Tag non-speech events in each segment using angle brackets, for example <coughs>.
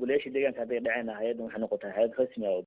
guleyaasha deegaanka hadday dhaceen hay-addan waxay noqotaa hay-ad rasmi ah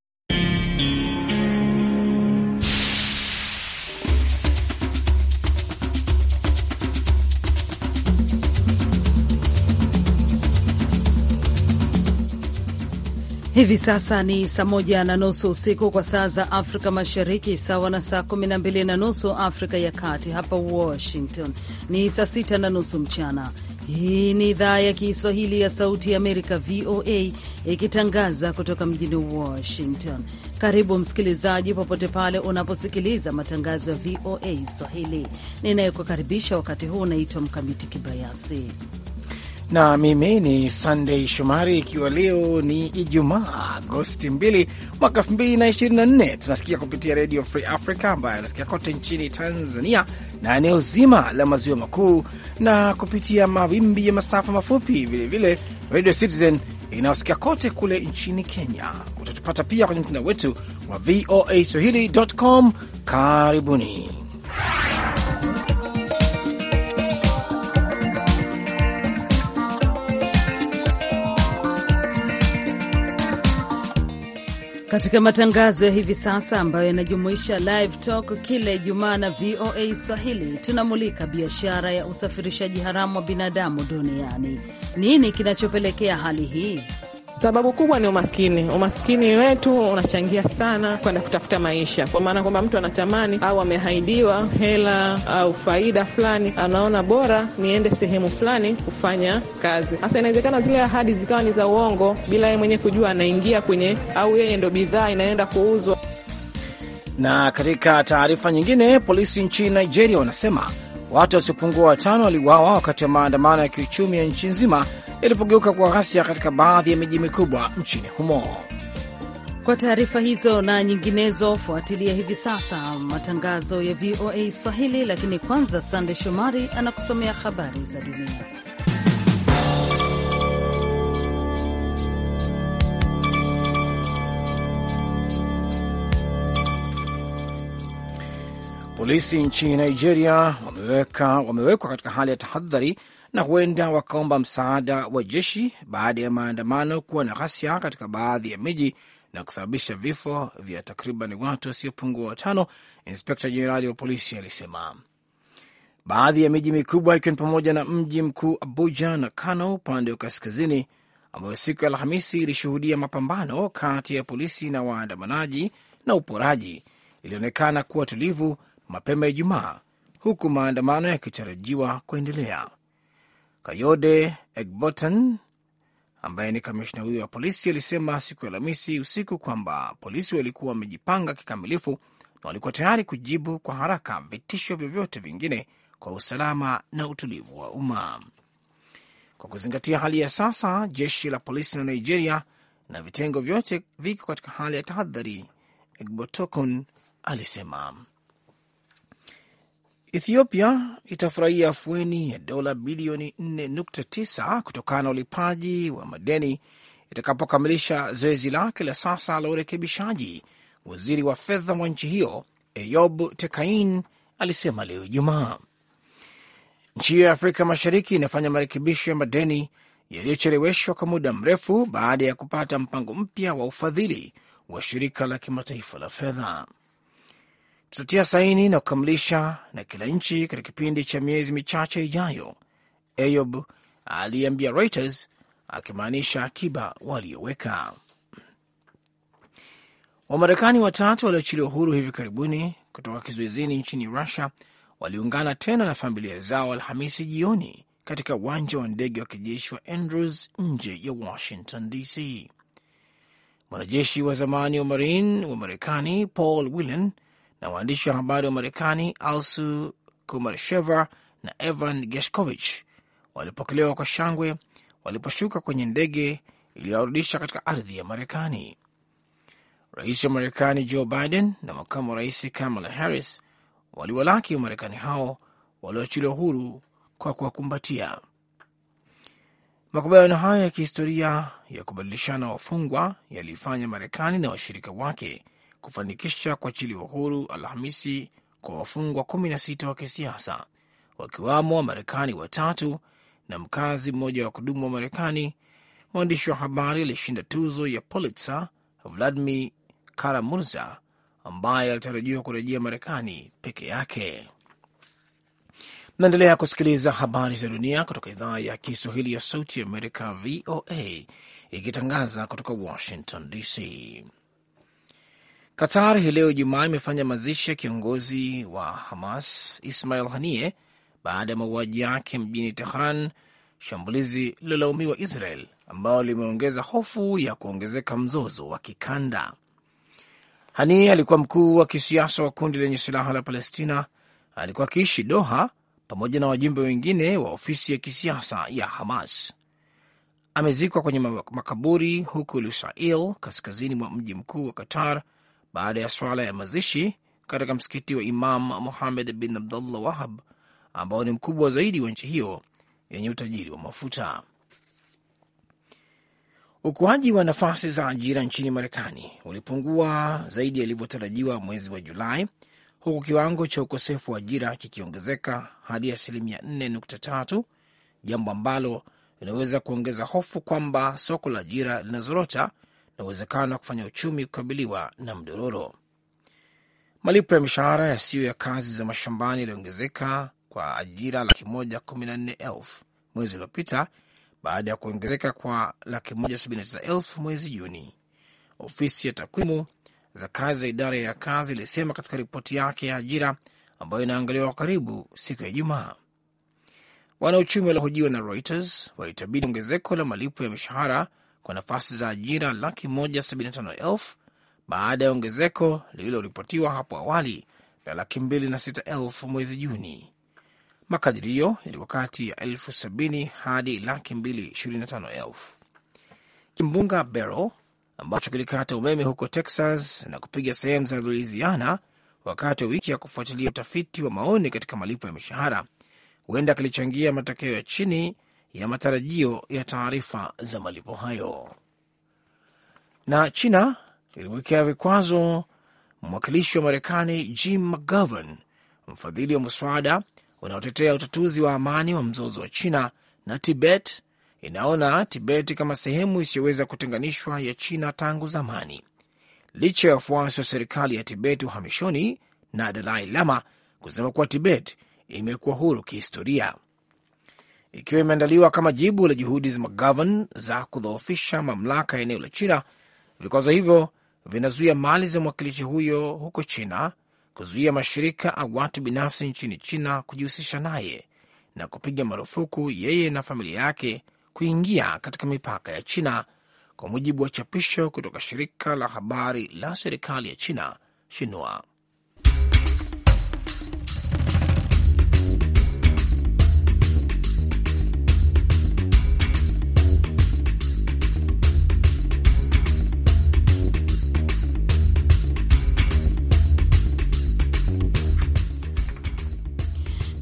Hivi sasa ni saa moja na nusu usiku kwa saa za Afrika Mashariki, sawa na saa kumi na mbili na nusu Afrika ya Kati. Hapa Washington ni saa sita na nusu mchana. Hii ni idhaa ya Kiswahili ya Sauti ya Amerika, VOA, ikitangaza kutoka mjini Washington. Karibu msikilizaji, popote pale unaposikiliza matangazo ya VOA Swahili. Ninayekukaribisha wakati huu unaitwa Mkamiti Kibayasi na mimi ni Sunday Shomari, ikiwa leo ni Ijumaa Agosti 2 mwaka 2024. Tunasikia kupitia Radio Free Africa ambayo inasikia kote nchini Tanzania na eneo zima la maziwa makuu na kupitia mawimbi ya masafa mafupi, vilevile Radio Citizen inayosikia kote kule nchini Kenya. Utatupata pia kwenye mtandao wetu wa VOA swahili.com. Karibuni. katika matangazo ya hivi sasa ambayo yanajumuisha live talk kila Ijumaa na VOA Swahili tunamulika biashara ya usafirishaji haramu wa binadamu duniani. Nini kinachopelekea hali hii? Sababu kubwa ni umaskini. Umaskini wetu unachangia sana kwenda kutafuta maisha, kwa maana kwamba mtu anatamani au amehaidiwa hela au faida fulani, anaona bora niende sehemu fulani kufanya kazi. Sasa inawezekana zile ahadi zikawa ni za uongo, bila yeye mwenyewe kujua, anaingia kwenye au yeye ndo bidhaa inaenda kuuzwa. Na katika taarifa nyingine, polisi nchini Nigeria wanasema watu wasiopungua watano waliuawa wakati wa maandamano ya kiuchumi ya nchi nzima ilipogeuka kwa ghasia katika baadhi ya miji mikubwa nchini humo. Kwa taarifa hizo na nyinginezo, fuatilia hivi sasa matangazo ya VOA Swahili. Lakini kwanza, Sande Shomari anakusomea habari za dunia. Polisi nchini Nigeria wamewekwa katika hali ya tahadhari na huenda wakaomba msaada wa jeshi baada ya maandamano kuwa na ghasia katika baadhi ya miji na kusababisha vifo vya takriban watu wasiopungua watano. Inspekta jenerali wa polisi alisema baadhi ya miji mikubwa ikiwa ni pamoja na mji mkuu Abuja na Kano upande wa kaskazini, ambayo siku ya Alhamisi ilishuhudia mapambano kati ya polisi na waandamanaji na uporaji, ilionekana kuwa tulivu mapema Ijumaa, huku maandamano yakitarajiwa kuendelea. Kayode Egbotan ambaye ni kamishna huyo wa polisi alisema siku ya Alhamisi usiku kwamba polisi walikuwa wamejipanga kikamilifu na walikuwa tayari kujibu kwa haraka vitisho vyovyote vingine kwa usalama na utulivu wa umma. Kwa kuzingatia hali ya sasa, jeshi la polisi la Nigeria na vitengo vyote viko katika hali ya tahadhari, Egbotokun alisema. Ethiopia itafurahia afueni ya dola bilioni 4.9 kutokana na ulipaji wa madeni itakapokamilisha zoezi lake la sasa la urekebishaji, waziri wa fedha wa nchi hiyo Eyob Tekain alisema leo Ijumaa. Nchi hiyo ya Afrika Mashariki inafanya marekebisho ya madeni yaliyocheleweshwa kwa muda mrefu baada ya kupata mpango mpya wa ufadhili wa shirika la kimataifa la fedha tutatia saini na kukamilisha na kila nchi katika kipindi cha miezi michache ijayo, Ayob aliambia Reuters, akimaanisha akiba walioweka. Wamarekani watatu walioachiliwa huru hivi karibuni kutoka kizuizini nchini Russia waliungana tena na familia zao Alhamisi jioni katika uwanja wa ndege wa kijeshi wa Andrews nje ya Washington DC. Mwanajeshi wa zamani wa Marine wa Marekani Paul Whelan na waandishi wa habari wa Marekani Alsu Kumarsheva na Evan Geshkovich walipokelewa kwa shangwe waliposhuka kwenye ndege iliyowarudisha katika ardhi ya Marekani. Rais wa Marekani Joe Biden na makamu wa rais Kamala Harris waliwalaki wa Marekani hao walioachiliwa huru kwa kuwakumbatia. Makubaliano hayo ya kihistoria ya kubadilishana wafungwa yaliifanya Marekani na washirika wake kufanikisha kuachiliwa uhuru Alhamisi kwa wafungwa 16 wa kisiasa wakiwamo Wamarekani watatu na mkazi mmoja wa kudumu wa Marekani. Mwandishi wa habari alishinda tuzo ya Pulitzer Vladimir Karamurza ambaye alitarajiwa kurejea Marekani peke yake. Naendelea kusikiliza habari za dunia kutoka idhaa ya Kiswahili ya Sauti ya Amerika, VOA, ikitangaza kutoka Washington DC. Qatar hii leo Ijumaa imefanya mazishi ya kiongozi wa Hamas Ismail hanie baada ya mauaji yake mjini Tehran, shambulizi lilolaumiwa Israel ambalo limeongeza hofu ya kuongezeka mzozo wa kikanda. hanie alikuwa mkuu wa kisiasa wa kundi lenye silaha la Palestina, alikuwa akiishi Doha pamoja na wajumbe wengine wa ofisi ya kisiasa ya Hamas. Amezikwa kwenye makaburi huko Lusail, kaskazini mwa mji mkuu wa Qatar, baada ya swala ya mazishi katika msikiti wa Imam Muhamed bin Abdullah Wahab ambao ni mkubwa zaidi wa nchi hiyo yenye utajiri wa mafuta. Ukuaji wa nafasi za ajira nchini Marekani ulipungua zaidi yalivyotarajiwa mwezi wa Julai, huku kiwango cha ukosefu wa ajira kikiongezeka hadi asilimia 4.3, jambo ambalo linaweza kuongeza hofu kwamba soko la ajira linazorota na uwezekano wa kufanya uchumi kukabiliwa na mdororo. Malipo ya mishahara yasiyo ya kazi za mashambani yaliongezeka kwa ajira laki moja kumi na nne elfu mwezi uliopita baada ya kuongezeka kwa laki moja sabini na tisa elfu mwezi Juni. Ofisi ya takwimu za kazi za idara ya kazi ilisema katika ripoti yake ya ajira ambayo inaangaliwa kwa karibu siku ya Ijumaa. Wanauchumi waliohojiwa na Reuters walitabiri ongezeko la malipo ya mishahara kwa nafasi za ajira laki moja sabini na tano elfu baada ya ongezeko lililoripotiwa hapo awali la laki mbili na sita elfu mwezi Juni. Makadirio yalikuwa kati ya elfu sabini hadi laki mbili ishirini na tano elfu. Kimbunga Beryl ambacho kilikata umeme huko Texas na kupiga sehemu za Louisiana wakati wa wiki ya kufuatilia utafiti wa maoni katika malipo ya mishahara, huenda kilichangia matokeo ya chini ya matarajio ya taarifa za malipo hayo. Na China ilimwekea vikwazo mwakilishi wa Marekani Jim McGovern, mfadhili wa mswada unaotetea utatuzi wa amani wa mzozo wa China na Tibet. Inaona Tibet kama sehemu isiyoweza kutenganishwa ya China tangu zamani, licha ya wafuasi wa serikali ya Tibet uhamishoni na Dalai Lama kusema kuwa Tibet imekuwa huru kihistoria ikiwa imeandaliwa kama jibu la juhudi za McGovern za kudhoofisha mamlaka ya eneo la China. Vikwazo hivyo vinazuia mali za mwakilishi huyo huko China, kuzuia mashirika au watu binafsi nchini China kujihusisha naye na kupiga marufuku yeye na familia yake kuingia katika mipaka ya China, kwa mujibu wa chapisho kutoka shirika la habari la serikali ya China Shinua.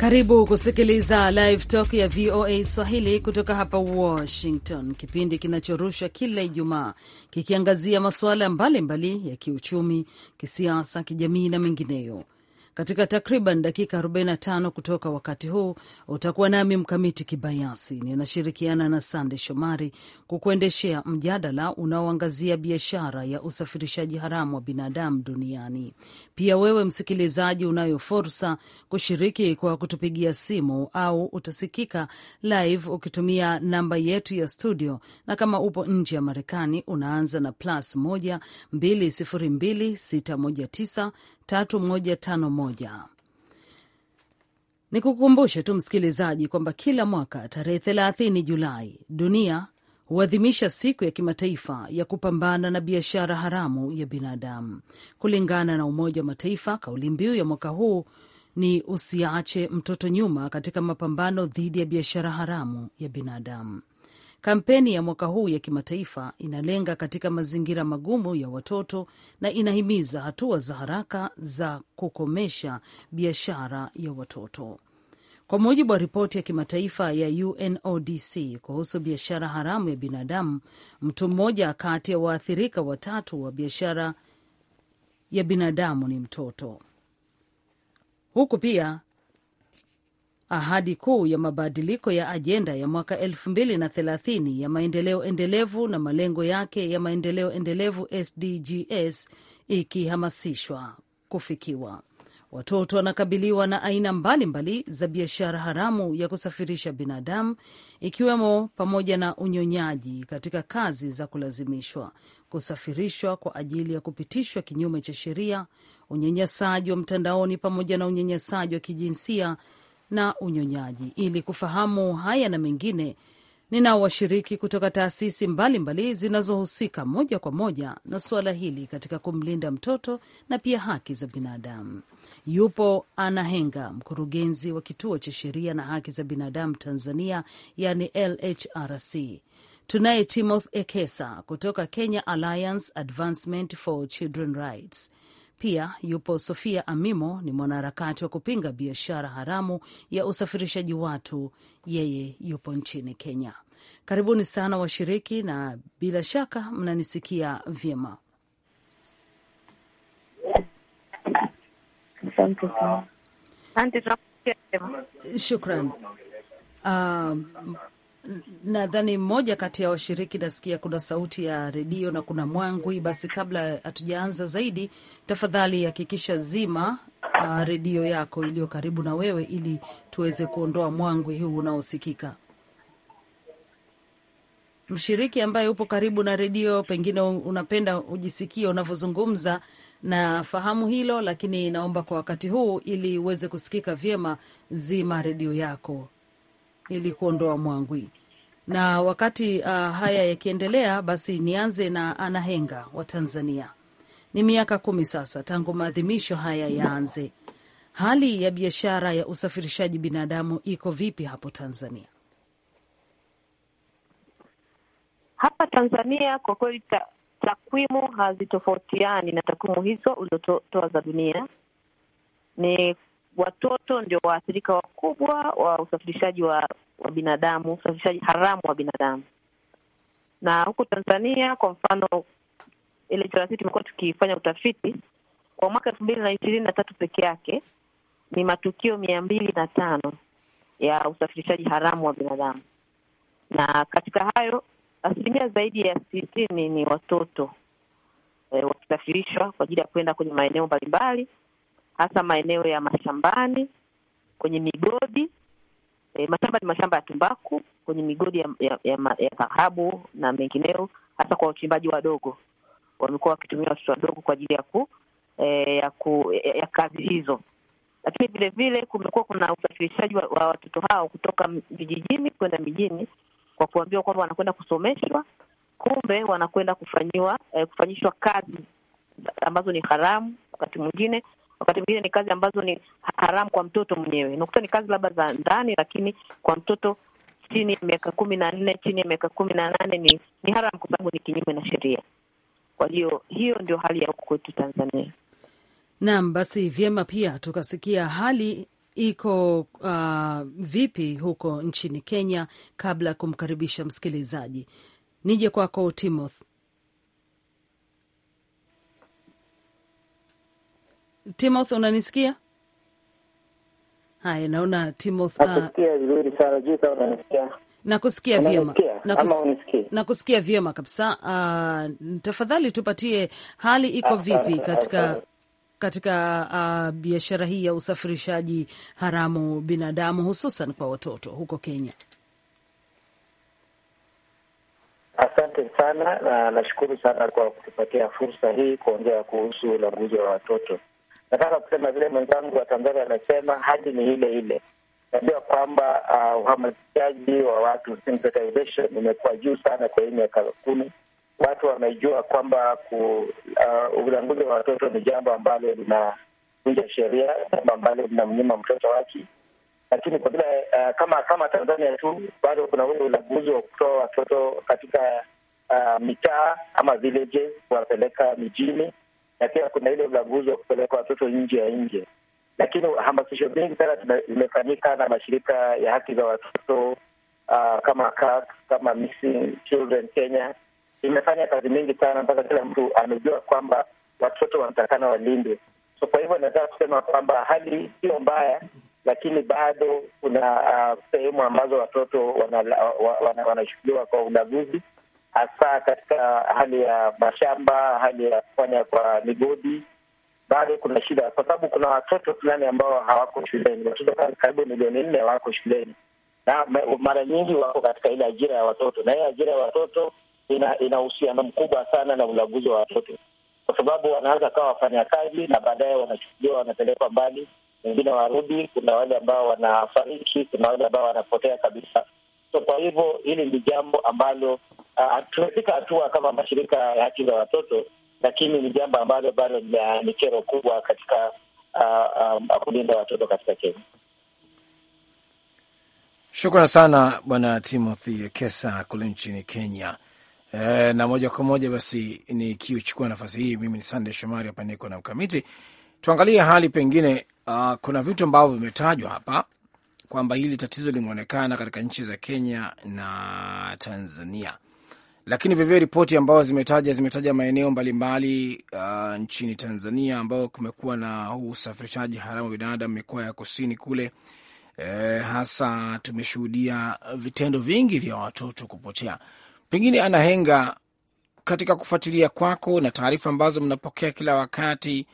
Karibu kusikiliza Live Talk ya VOA Swahili kutoka hapa Washington, kipindi kinachorushwa kila Ijumaa kikiangazia masuala mbalimbali ya kiuchumi, kisiasa, kijamii na mengineyo katika takriban dakika 45 kutoka wakati huu. Utakuwa nami Mkamiti Kibayasi, ninashirikiana na Sande Shomari kukuendeshea mjadala unaoangazia biashara ya usafirishaji haramu wa binadamu duniani. Pia wewe msikilizaji, unayo fursa kushiriki kwa kutupigia simu au utasikika live ukitumia namba yetu ya studio, na kama upo nje ya Marekani unaanza na plus 1 202 619 3151. Nikukumbushe tu msikilizaji kwamba kila mwaka tarehe 30 Julai dunia huadhimisha siku ya kimataifa ya kupambana na biashara haramu ya binadamu. Kulingana na Umoja wa Mataifa, kauli mbiu ya mwaka huu ni usiache mtoto nyuma katika mapambano dhidi ya biashara haramu ya binadamu. Kampeni ya mwaka huu ya kimataifa inalenga katika mazingira magumu ya watoto na inahimiza hatua za haraka za kukomesha biashara ya watoto. Kwa mujibu wa ripoti ya kimataifa ya UNODC kuhusu biashara haramu ya binadamu, mtu mmoja kati ya waathirika watatu wa biashara ya binadamu ni mtoto, huku pia ahadi kuu ya mabadiliko ya ajenda ya mwaka 2030 ya maendeleo endelevu na malengo yake ya maendeleo endelevu SDGs ikihamasishwa kufikiwa. Watoto wanakabiliwa na aina mbalimbali za biashara haramu ya kusafirisha binadamu ikiwemo pamoja na unyonyaji katika kazi za kulazimishwa, kusafirishwa kwa ajili ya kupitishwa kinyume cha sheria, unyanyasaji wa mtandaoni pamoja na unyanyasaji wa kijinsia na unyonyaji. Ili kufahamu haya na mengine, ninao washiriki kutoka taasisi mbalimbali zinazohusika moja kwa moja na suala hili katika kumlinda mtoto na pia haki za binadamu. Yupo Ana Henga, mkurugenzi wa kituo cha sheria na haki za binadamu Tanzania, yani LHRC. Tunaye Timothy Ekesa kutoka Kenya Alliance Advancement for Children Rights. Pia yupo Sofia Amimo, ni mwanaharakati wa kupinga biashara haramu ya usafirishaji watu, yeye yupo nchini Kenya. Karibuni sana washiriki, na bila shaka mnanisikia vyema. Shukran. Uh, nadhani mmoja kati ya washiriki nasikia kuna sauti ya redio na kuna mwangwi. Basi kabla hatujaanza zaidi, tafadhali hakikisha zima uh, redio yako iliyo karibu na wewe ili tuweze kuondoa mwangwi huu unaosikika. Mshiriki ambaye upo karibu na redio, pengine unapenda ujisikie unavyozungumza na fahamu hilo, lakini naomba kwa wakati huu, ili uweze kusikika vyema, zima redio yako ili kuondoa mwangwi. Na wakati uh, haya yakiendelea, basi nianze na anahenga wa Tanzania. Ni miaka kumi sasa tangu maadhimisho haya yaanze. Hali ya biashara ya usafirishaji binadamu iko vipi hapo Tanzania? Hapa Tanzania kwa kweli ta, takwimu hazitofautiani na takwimu hizo ulizotoa za dunia. Ni watoto ndio waathirika wakubwa wa usafirishaji wa, wa binadamu, usafirishaji haramu wa binadamu. Na huku Tanzania kwa mfano, LHRC tumekuwa tukifanya utafiti kwa mwaka elfu mbili na ishirini na tatu peke yake ni matukio mia mbili na tano ya usafirishaji haramu wa binadamu, na katika hayo asilimia zaidi ya sitini ni watoto e, wakisafirishwa kwa ajili ya kuenda kwenye maeneo mbalimbali hasa maeneo ya mashambani, kwenye migodi e, mashamba ni mashamba ya tumbaku, kwenye migodi ya, dhahabu na mengineo, hasa kwa wachimbaji wadogo. Wamekuwa wakitumia watoto wadogo kwa ajili ya ku, e, ya, ku ya, ya kazi hizo, lakini vile vile kumekuwa kuna usafirishaji wa, wa watoto hao kutoka vijijini kwenda mijini kwa kuambiwa kwamba wanakwenda kusomeshwa, kumbe wanakwenda kufanyiwa eh, kufanyishwa kazi ambazo ni haramu wakati mwingine wakati mwingine ni kazi ambazo ni haramu kwa mtoto mwenyewe. Unakuta ni kazi labda za ndani, lakini kwa mtoto chini ya miaka kumi na nne chini ya miaka kumi na nane ni, ni haramu kwa sababu ni kinyume na sheria. Kwa hiyo hiyo ndio hali ya huku kwetu Tanzania. Naam, basi vyema pia tukasikia hali iko uh, vipi huko nchini Kenya kabla ya kumkaribisha msikilizaji. Nije kwako Timothy. timoth unanisikia? Haya, naona Timoth ah. nakusikia vizuri sana vyema, nakusikia vyema kabisa. Uh, tafadhali tupatie hali iko vipi katika katika uh, biashara hii ya usafirishaji haramu binadamu hususan kwa watoto huko Kenya. Asante sana na nashukuru sana kwa kutupatia fursa hii kuongea kuhusu ulanguzi wa watoto nataka kusema vile mwenzangu wa Tanzania amesema, hali ni ile ile. Najua kwamba uh, uhamasishaji wa watu imekuwa juu sana kwa hii miaka kumi. Watu wamejua kwamba uh, ulanguzi uh, wa watoto ni jambo ambalo linavunja sheria, jambo ambalo linamnyima mtoto wake, lakini kwa vile uh, kama kama Tanzania tu bado kuna ule ulanguzi wa kutoa watoto katika uh, mitaa ama villages kuwapeleka mijini na pia kuna ile ulanguzi wa kupeleka watoto nje ya nje. Lakini hamasisho mengi sana zimefanyika na mashirika ya haki za watoto uh, kama CAC, kama Missing Children Kenya imefanya kazi mingi sana mpaka kila mtu amejua kwamba watoto wanatakana walindwe. So kwa hivyo nataka kusema kwamba hali sio mbaya, lakini bado kuna uh, sehemu ambazo watoto wanashughuliwa wana, wana, wana kwa ulaguzi hasa katika hali ya mashamba, hali ya kufanya kwa migodi bado kuna shida, kwa sababu kuna watoto fulani ambao hawako shuleni. Watoto karibu milioni nne hawako shuleni, na mara nyingi wako katika ile ajira ya watoto, na hiyo ajira ya watoto ina uhusiano mkubwa sana na ulaguzi wa watoto, kwa sababu wanaweza kawa wafanyakazi na baadaye wanachukuliwa, wanapelekwa mbali, wengine warudi. Kuna wale ambao wanafariki, kuna wale ambao wanapotea kabisa. So kwa hivyo hili ni jambo ambalo Ah, ah, tumefika hatua kama mashirika ya haki za watoto, lakini ni jambo ambalo bado ni kero kubwa katika uh, um, kulinda watoto katika Kenya. Shukran sana Bwana Timothy Kesa kule nchini Kenya. E, na moja kwa moja basi nikiuchukua nafasi hii, mimi ni Sande Shomari hapa niko na Mkamiti, tuangalie hali pengine. Uh, kuna vitu ambavyo vimetajwa hapa kwamba hili tatizo limeonekana katika nchi za Kenya na Tanzania. Lakini vivyo ripoti ambazo zimetaja zimetaja maeneo mbalimbali uh, nchini Tanzania ambao kumekuwa na huu usafirishaji haramu wa binadamu, mikoa ya kusini kule. E, hasa tumeshuhudia vitendo vingi vya watoto kupotea. Pengine anahenga katika kufuatilia kwako na taarifa ambazo mnapokea kila wakati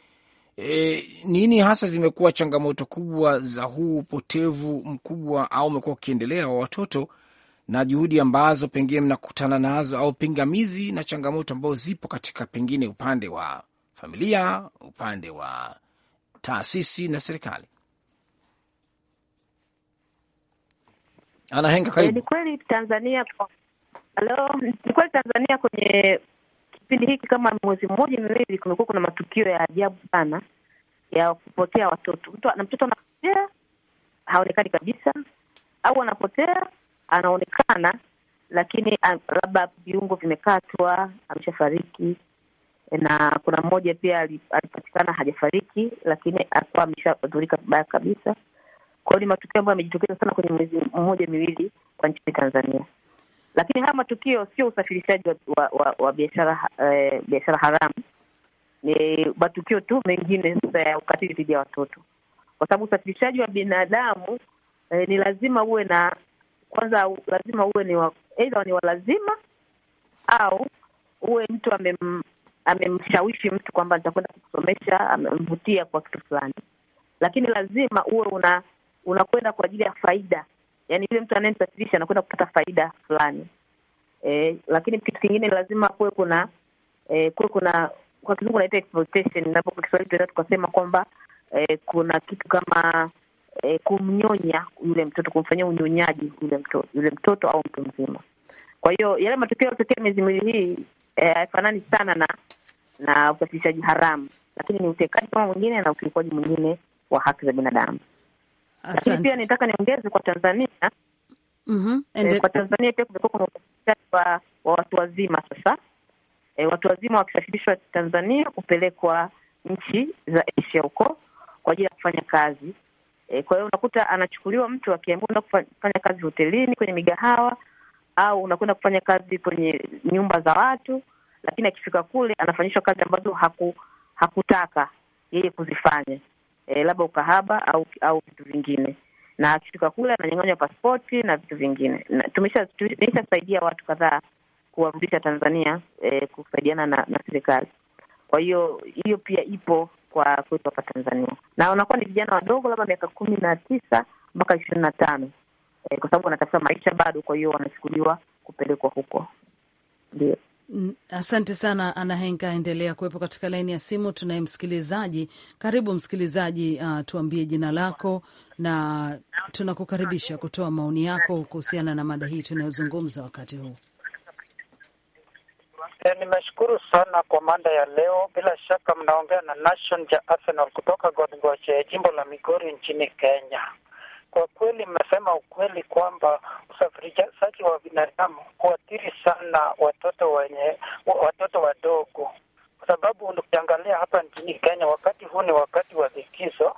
e, nini hasa zimekuwa changamoto kubwa za huu upotevu mkubwa au umekuwa ukiendelea wa watoto na juhudi ambazo pengine mnakutana nazo au pingamizi na changamoto ambazo zipo katika pengine upande wa familia, upande wa taasisi na serikali? Anahenga, karibu. Eh, ni kweli Tanzania, halo, ni kweli Tanzania kwenye kipindi hiki kama mwezi mmoja miwili, kumekuwa kuna matukio ya ajabu sana ya kupotea watoto. Mtu na mtoto anapotea haonekani kabisa, au anapotea anaonekana, lakini ah, labda viungo vimekatwa, ameshafariki. Na kuna mmoja pia alipatikana hajafariki, lakini alikuwa ameshadhurika vibaya kabisa. Kwa hiyo ni matukio ambayo yamejitokeza sana kwenye mwezi mmoja miwili kwa nchini Tanzania, lakini haya matukio sio usafirishaji wa, wa, wa, wa biashara eh, biashara haramu ni matukio tu mengine sasa ya ukatili dhidi ya watoto, kwa sababu usafirishaji wa binadamu eh, ni lazima uwe na kwanza lazima uwe ni wa, aidha ni walazima au uwe mtu amem, amemshawishi mtu kwamba nitakwenda kukusomesha, amemvutia kwa kitu fulani, lakini lazima uwe una unakwenda kwa ajili ya faida, yani yule mtu anayenisafirisha anakwenda kupata faida fulani. E, lakini kitu kingine lazima kuwe kuna e, kuwe kuna kwa kizungu naita exploitation, napo kwa Kiswahili tunaweza tukasema kwamba e, kuna kitu kama e, kumnyonya yule mtoto, kumfanyia unyonyaji yule mtoto, yule mtoto au mtu mzima. Kwa hiyo yale matokeo yaliyotokea miezi miwili hii eh, haifanani e, sana na na usafirishaji haramu, lakini ni utekaji kama mwingine na ukiukaji mwingine wa haki za binadamu. Lakini pia nitaka niongeze kwa Tanzania mm -hmm. E, kwa Tanzania pia kumekuwa kuna usafirishaji wa, wa watu wazima sasa e, watu wazima wakisafirishwa Tanzania kupelekwa nchi za Asia huko kwa ajili ya kufanya kazi E, kwa hiyo unakuta anachukuliwa mtu akiamua kufanya kazi hotelini, kwenye migahawa au unakwenda kufanya kazi kwenye nyumba za watu, lakini akifika kule anafanyishwa kazi ambazo haku, hakutaka yeye kuzifanya e, labda ukahaba au au vitu vingine, na akifika kule ananyang'anywa paspoti na vitu vingine. Tumeshasaidia watu kadhaa kuwarudisha Tanzania e, kusaidiana na, na serikali. Kwa hiyo hiyo pia ipo kwa kwetu hapa Tanzania, na wanakuwa ni vijana wadogo, labda miaka kumi na tisa mpaka ishirini na tano e, kwa sababu wanatafuta maisha bado, kwa hiyo wanachukuliwa kupelekwa huko. Ndio. Mm, asante sana Ana Henka, endelea kuwepo katika laini ya simu. Tunaye msikilizaji. Karibu msikilizaji, uh, tuambie jina lako na tunakukaribisha kutoa maoni yako kuhusiana na mada hii tunayozungumza wakati huu. E, nimeshukuru sana kwa manda ya leo. Bila shaka mnaongea na Nation ja Arsenal kutoka Godgoche ya jimbo la Migori nchini Kenya. Kwa kweli mmesema ukweli kwamba usafirishaji wa binadamu huathiri sana watoto wenye watoto wadogo, kwa sababu ukiangalia hapa nchini Kenya wakati huu ni wakati wa likizo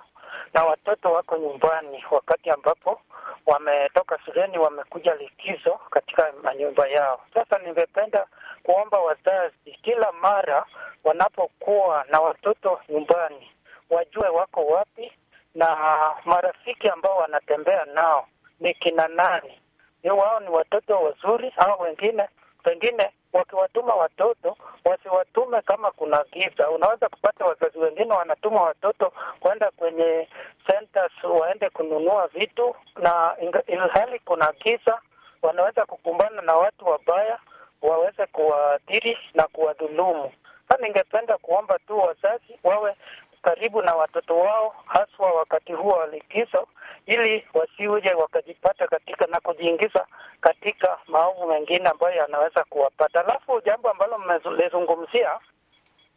na watoto wako nyumbani, wakati ambapo wametoka shuleni, wamekuja likizo katika manyumba yao. Sasa ningependa kuomba wazazi, kila mara wanapokuwa na watoto nyumbani, wajue wako wapi na marafiki ambao wanatembea nao ni kina nani, ni wao ni watoto wazuri au wengine pengine wakiwatuma watoto wasiwatume kama kuna giza. Unaweza kupata wazazi wengine wanatuma watoto kwenda kwenye centers waende kununua vitu, na ilhali kuna giza, wanaweza kukumbana na watu wabaya waweze kuwaadhiri na kuwadhulumu. Sa ningependa kuomba tu wazazi wawe karibu na watoto wao, haswa wakati huo wa likizo, ili wasiuje wakajipata katika na kujiingiza katika maovu mengine ambayo yanaweza kuwapata. Alafu jambo ambalo mmelizungumzia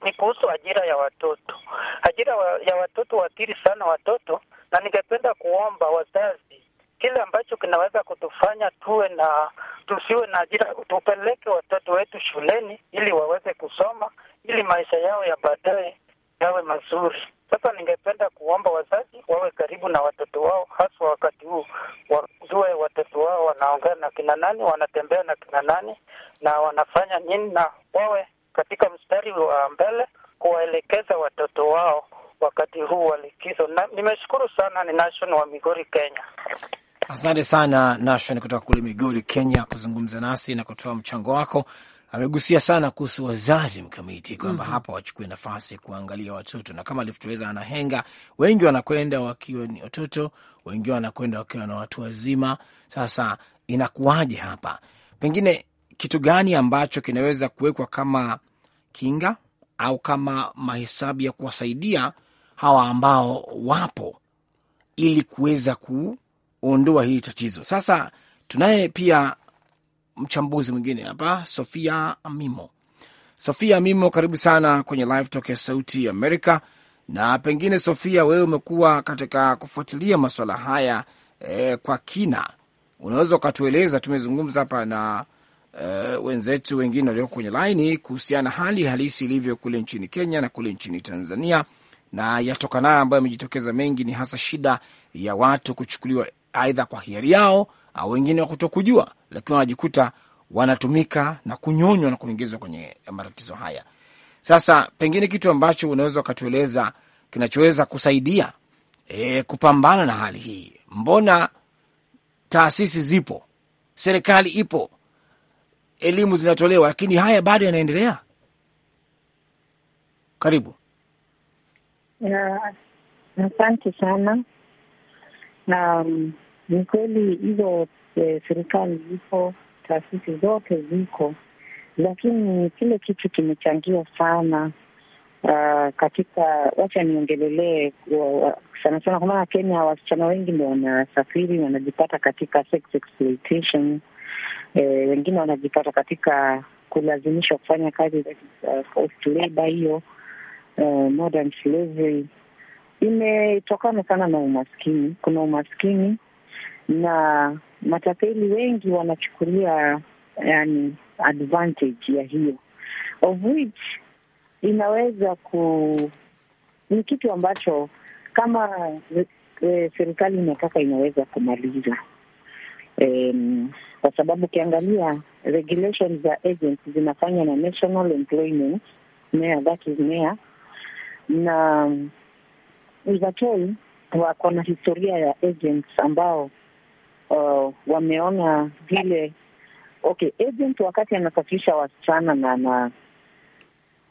ni kuhusu ajira ya watoto. Ajira wa, ya watoto huathiri sana watoto, na ningependa kuomba wazazi, kile ambacho kinaweza kutufanya tuwe na tusiwe na ajira, tupeleke watoto wetu shuleni ili waweze kusoma, ili maisha yao ya baadaye yawe mazuri. Sasa ningependa kuomba wazazi wawe karibu na watoto wao, haswa wakati huu, wajue watoto wao wanaongea na kina nani, wanatembea na kina nani na wanafanya nini, na wawe katika mstari wa mbele kuwaelekeza watoto wao wakati huu wa likizo. Na nimeshukuru sana, ni Nation wa Migori, Kenya. Asante sana Nation kutoka kule Migori, Kenya, kuzungumza nasi na kutoa mchango wako amegusia sana kuhusu wazazi mkamiti kwamba mm -hmm. hapa wachukue nafasi kuangalia watoto, na kama alivyotueleza anahenga, wengi wanakwenda wakiwa ni watoto, wengi wanakwenda wakiwa na watu wazima. Sasa inakuwaje hapa? Pengine kitu gani ambacho kinaweza kuwekwa kama kinga au kama mahesabu ya kuwasaidia hawa ambao wapo ili kuweza kuondoa hili tatizo. Sasa tunaye pia mchambuzi mwingine hapa, Sofia Amimo. Sofia Amimo, karibu sana kwenye Live Talk ya Sauti Amerika. Na pengine Sofia, wewe umekuwa katika kufuatilia masuala haya eh, kwa kina, unaweza ukatueleza. Tumezungumza hapa na eh, wenzetu wengine walioko kwenye laini kuhusiana hali halisi ilivyo kule nchini Kenya na kule nchini Tanzania, na yatokanayo ambayo yamejitokeza mengi ni hasa shida ya watu kuchukuliwa aidha kwa hiari yao au wengine wa kutokujua lakini wanajikuta wanatumika na kunyonywa na kuingizwa kwenye matatizo haya. Sasa pengine kitu ambacho unaweza ukatueleza kinachoweza kusaidia e, kupambana na hali hii, mbona taasisi zipo, serikali ipo, elimu zinatolewa, lakini haya bado yanaendelea? Karibu. Asante sana. Na mm, ni kweli hizo e, serikali ziko, taasisi zote ziko, lakini kile kitu kimechangia sana uh, katika, wacha niongelelee sana sana, kwa maana Kenya wasichana wengi ndo wanasafiri, wanajipata katika sex exploitation eh, wengine wanajipata katika kulazimishwa kufanya kazi uh, forced labor hiyo eh, modern slavery imetokana sana na umaskini. Kuna umaskini na matapeli wengi wanachukulia yani advantage ya hiyo of which inaweza ku ni kitu ambacho kama e, serikali inataka inaweza kumaliza e, kwa sababu ukiangalia regulation za agent zinafanywa na National Employment mea that is NEA, na Liverpool wako na historia ya agents ambao uh, wameona vile okay, agent wakati anasafirisha wasichana na na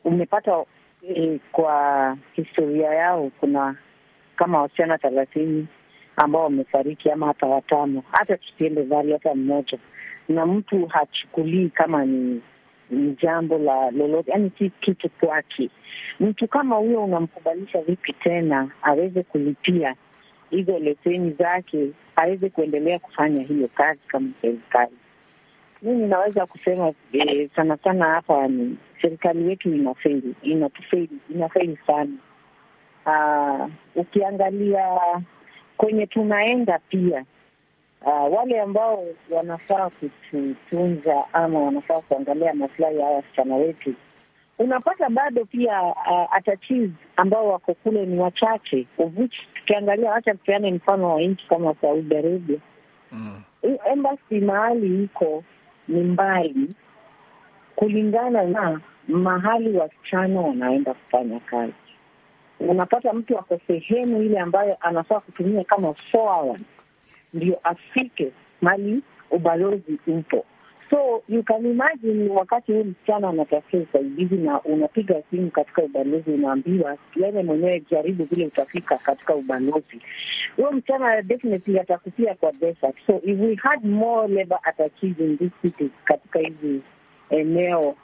umepata eh, kwa historia yao kuna kama wasichana thelathini ambao wamefariki ama hata watano, hata tusiende vali hata mmoja, na mtu hachukulii kama ni ni jambo la lolote, yani si kitu kwake. Mtu kama huyo unamkubalisha vipi tena aweze kulipia hizo leseni zake aweze kuendelea kufanya hiyo kazi kama serikali. mii ninaweza kusema e, sana sana hapa ni serikali yetu inafeli, inatufeli, inafeli sana. Uh, ukiangalia kwenye tunaenda pia uh, wale ambao wanafaa kututunza ama wanafaa kuangalia maslahi ya wasichana wetu unapata bado pia uh, atachiz ambao wako kule ni wachache uvichi. Tukiangalia, wacha tupeane mfano wa nchi kama Saudi Arabia. Mm. Embasi mahali iko ni mbali kulingana na mahali wasichana wanaenda kufanya kazi. Unapata mtu ako sehemu ile ambayo anafaa kutumia kama four hours ndio afike mali ubalozi upo. So you can imagine wakati huyu msichana anatafuta usaidizi na unapiga simu katika ubalozi, unaambiwa wewe mwenyewe jaribu vile utafika katika ubalozi. Huyo msichana definitely atakupia kwa desert. So if we had more labor attached in this city katika hizi eneo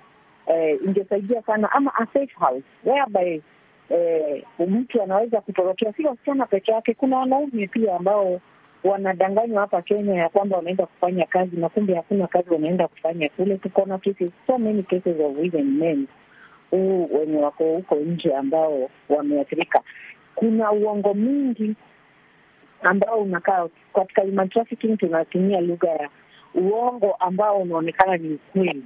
eh, ingesaidia sana, ama a safe house whereby eh, mtu anaweza kutorokea, si wasichana peke yake, kuna wanaume pia ambao wanadanganywa hapa Kenya ya kwamba wanaenda kufanya kazi na kumbe hakuna kazi wanaenda kufanya kule. Tuko na cases, so many cases of women men huu wenye wako huko nje ambao wameathirika. Kuna uongo mwingi ambao unakaa katika human trafficking, tunatumia lugha ya uongo ambao unaonekana ni ukweli,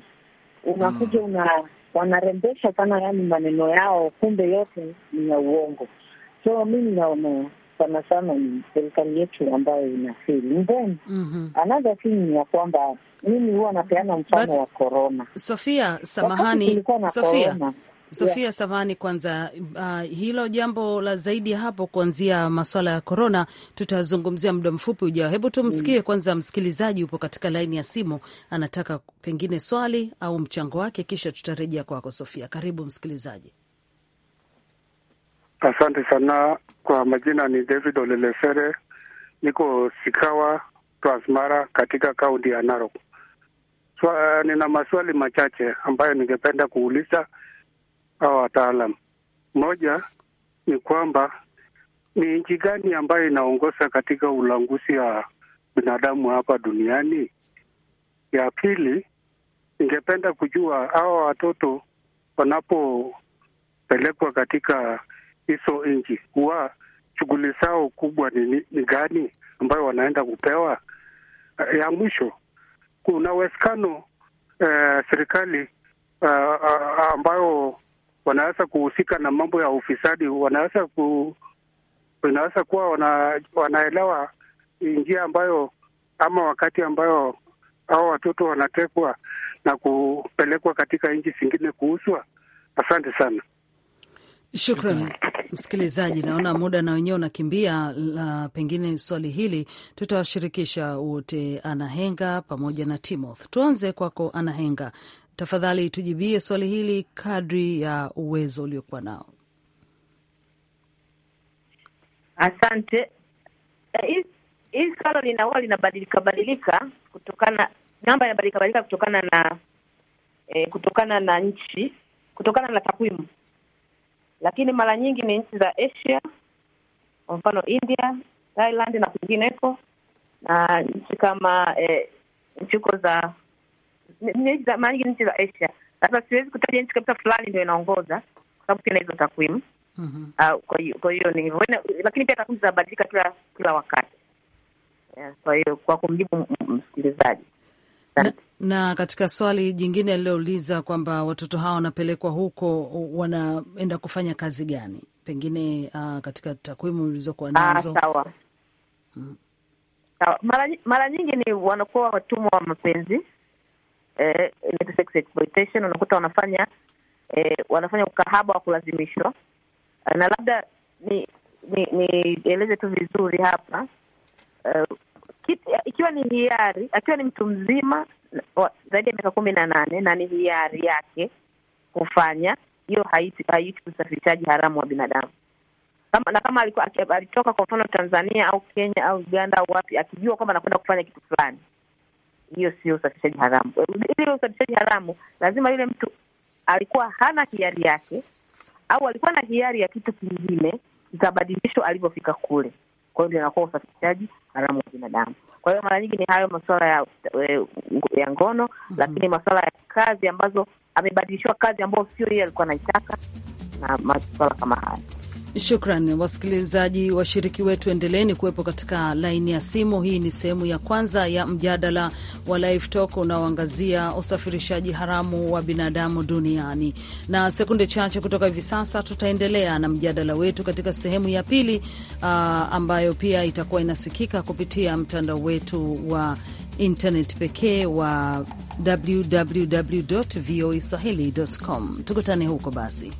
unakuja mm. una wanarembesha sana, yani maneno yao kumbe yote ni ya uongo. So mi ninaona sana sana ni serikali yetu ambayo inafeli. Then mm -hmm. another thing ni ya kwamba mimi huwa napeana mfano wa korona. Sofia, samahani Sofia Sofia, yeah. Samahani kwanza, uh, hilo jambo la zaidi hapo, kuanzia masuala ya korona tutazungumzia muda mfupi ujao. Hebu tumsikie mm. kwanza msikilizaji, upo katika laini ya simu, anataka pengine swali au mchango wake, kisha tutarejea kwako Sofia. Karibu msikilizaji. Asante sana. Kwa majina ni David Olelesere, niko Sikawa Transmara katika kaunti ya Narok. So, uh, nina maswali machache ambayo ningependa kuuliza hao wataalam. Moja ni kwamba ni nchi gani ambayo inaongoza katika ulanguzi wa binadamu hapa duniani? Ya pili, ningependa kujua hawa watoto wanapopelekwa katika hizo nchi kuwa shughuli zao kubwa ni, ni gani ambayo wanaenda kupewa. Eh, ya mwisho, kuna uwezekano uh, serikali uh, ambayo wanaweza kuhusika na mambo ya ufisadi wanaweza ku, wanaweza kuwa wana, wanaelewa njia ambayo ama wakati ambayo hao watoto wanatekwa na kupelekwa katika nchi zingine kuuzwa. Asante sana. Shukran mm-hmm. msikilizaji, naona muda na wenyewe unakimbia. La, pengine swali hili tutawashirikisha wote, Anahenga pamoja na timoth Tuanze kwako Anahenga, tafadhali tujibie swali hili kadri ya uwezo uliokuwa nao. Asante. Eh, hili swala linaua linabadilika badilika kutokana namba inabadilika badilika kutokana na eh, kutokana na nchi, kutokana na takwimu lakini mara nyingi ni nchi za Asia, kwa mfano India, Thailand na kwingineko, na nchi kama eh, huko za mara nyingi nchi za Asia. Sasa siwezi kutaja nchi kabisa fulani ndio inaongoza kwa sababu sina hizo takwimu. Mm -hmm. Uh, kwa hiyo kwa hiyo ni hivyo, lakini pia takwimu zinabadilika kila kila wakati. Yeah, kwa hiyo kwa kumjibu msikilizaji na, katika swali jingine alilouliza kwamba watoto hawa wanapelekwa huko wanaenda kufanya kazi gani, pengine uh, katika takwimu ulizokuwa ah, nazo. Sawa. Hmm. Sawa. Mara, mara nyingi ni wanakuwa watumwa wa mapenzi eh, sex exploitation, unakuta wanafanya eh, wanafanya ukahaba wa kulazimishwa na labda nieleze ni, ni tu vizuri hapa eh, ikiwa ni hiari, akiwa ni mtu mzima zaidi ya miaka kumi na nane na ni hiari yake kufanya hiyo, haiti usafirishaji haramu wa binadamu. Kama, na kama alikuwa alitoka kwa mfano Tanzania au Kenya au Uganda au wapi, akijua kwamba anakwenda kufanya kitu fulani, hiyo sio usafirishaji haramu. Ili usafirishaji haramu lazima yule mtu alikuwa hana hiari yake, au alikuwa na hiari ya kitu kingine, badilisho alivyofika kule kwa hiyo ndio anakuwa usafirishaji haramu wa binadamu. Kwa hiyo mara nyingi ni hayo masuala ya eh, ya ngono mm -hmm. Lakini masuala ya kazi ambazo amebadilishiwa kazi ambayo sio yeye alikuwa anaitaka na masuala kama haya Shukran wasikilizaji, washiriki wetu, endeleni kuwepo katika laini ya simu. Hii ni sehemu ya kwanza ya mjadala wa Live Talk unaoangazia usafirishaji haramu wa binadamu duniani, na sekunde chache kutoka hivi sasa tutaendelea na mjadala wetu katika sehemu ya pili, uh, ambayo pia itakuwa inasikika kupitia mtandao wetu wa internet pekee wa www voa com. Tukutane huko basi.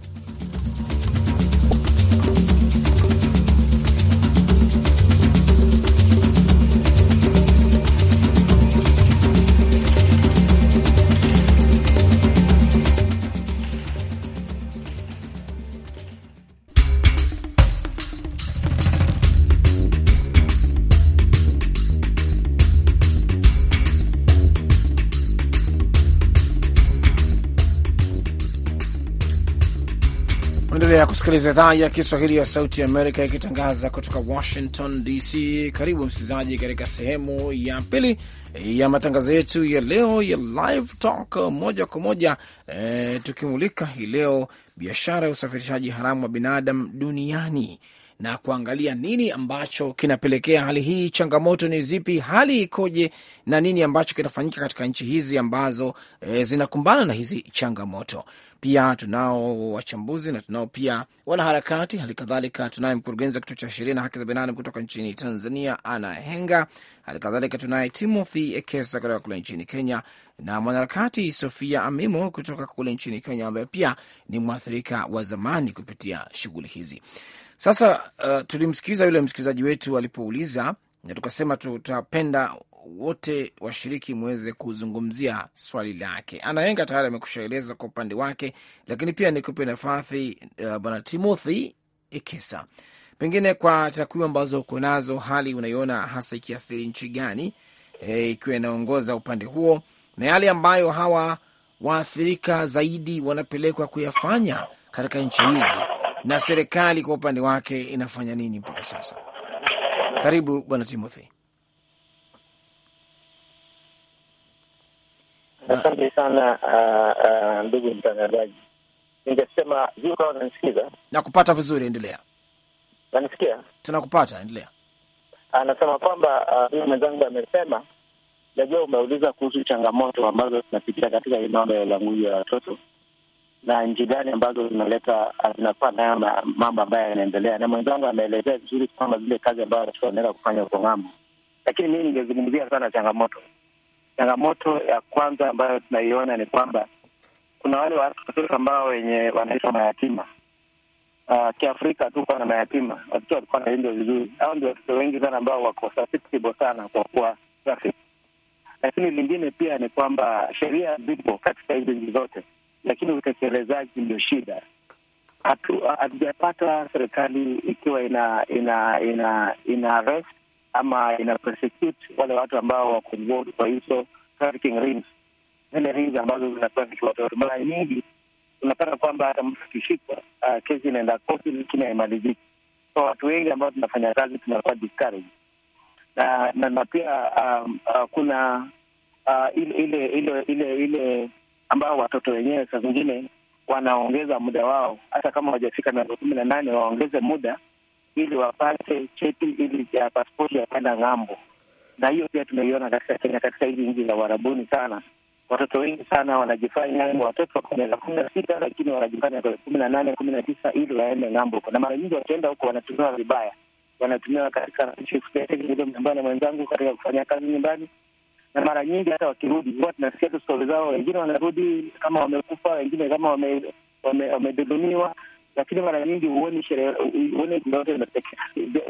Naendelea kusikiliza idhaa ya Kiswahili ya Sauti ya Amerika ikitangaza kutoka Washington DC. Karibu msikilizaji, katika sehemu ya pili ya matangazo yetu ya leo ya Live Talk moja kwa moja, e, tukimulika hii leo biashara ya usafirishaji haramu wa binadamu duniani na kuangalia nini ambacho kinapelekea hali hii, changamoto ni zipi, hali ikoje, na nini ambacho kinafanyika katika nchi hizi ambazo e, zinakumbana na hizi changamoto. Pia tunao wachambuzi na tunao pia wanaharakati, hali kadhalika tunaye mkurugenzi wa kituo cha sheria na haki za binadamu kutoka nchini Tanzania, Ana Henga, hali kadhalika tunaye Timothy Ekesa kutoka kule nchini Kenya na mwanaharakati Sofia Amimo kutoka kule nchini Kenya, ambaye pia ni mwathirika wa zamani kupitia shughuli hizi. Sasa uh, tulimsikiliza yule msikilizaji wetu alipouliza na tukasema tutapenda wote washiriki mweze kuzungumzia swali lake. Anaenga tayari amekushaeleza kwa upande wake, lakini pia nikupe nafasi uh, bwana Timothy Ikisa, pengine kwa takwimu ambazo uko nazo, hali unaiona hasa ikiathiri nchi gani e, ikiwa inaongoza upande huo na yale ambayo hawa waathirika zaidi wanapelekwa kuyafanya katika nchi hizi, na serikali kwa upande wake inafanya nini mpaka sasa? Karibu bwana Timothy. Asante sana ndugu uh, uh, mtangazaji, ningesema sijui kama unanisikiza. Nakupata vizuri, endelea. Nanisikia? Tunakupata, endelea. Anasema ah, kwamba uh, huyu uh, mwenzangu amesema, najua umeuliza kuhusu changamoto ambazo zinapitia katika hii mambo ya ulanguzi wa watoto na nchi gani ambazo zinaleta ah, zinakuwa nayo mambo ambayo yanaendelea, na mwenzangu ameelezea vizuri kwamba zile kazi ambayo wanataka kufanya uko ng'ambo, lakini mii ningezungumzia sana changamoto Changamoto ya kwanza ambayo tunaiona ni kwamba kuna wale watoto ambao wenye wanaitwa mayatima. Uh, Kiafrika tuko na mayatima, watoto walikuwa wanalindwa vizuri. au ndio watoto wengi sana ambao wako susceptible sana kwa kuwa traffic. Lakini lingine pia ni kwamba sheria zipo katika hizi nchi zote, lakini utekelezaji ndio shida. Hatujapata serikali ikiwa ina ina ina ina arrest ama ina wale watu ambao wako involved kwa hizo trafficking rings, zile rings ambazo zinatrafiki watoto. Mara nyingi unapata kwamba hata mtu akishikwa, uh, kesi inaenda kosi, lakini haimaliziki. So watu wengi ambao tunafanya kazi tunakuwa discouraged na na, na pia um, uh, kuna uh, ile ile ile ile ile ambao watoto wenyewe saa zingine wanaongeza muda wao, hata kama wajafika miaka kumi na nane waongeze muda ili wapate cheti ili ya paspoti ya kwenda ng'ambo, na hiyo pia tumeiona katika Kenya, katika hizi nchi za uharabuni sana. Watoto wengi sana wanajifanya watoto wako kumi na kumi na sita, lakini wanajifanya kumi na nane kumi na tisa ili waende ng'ambo huko, na mara nyingi wakienda huko wanatumiwa vibaya, wanatumiwa katika nyumbani, mwenzangu, katika kufanya kazi nyumbani na mara nyingi hata wakirudi huwa tunasikia tu stori zao. Wengine wanarudi kama wamekufa, wengine kama wamedhulumiwa, wame, lakini mara nyingi huoni huoni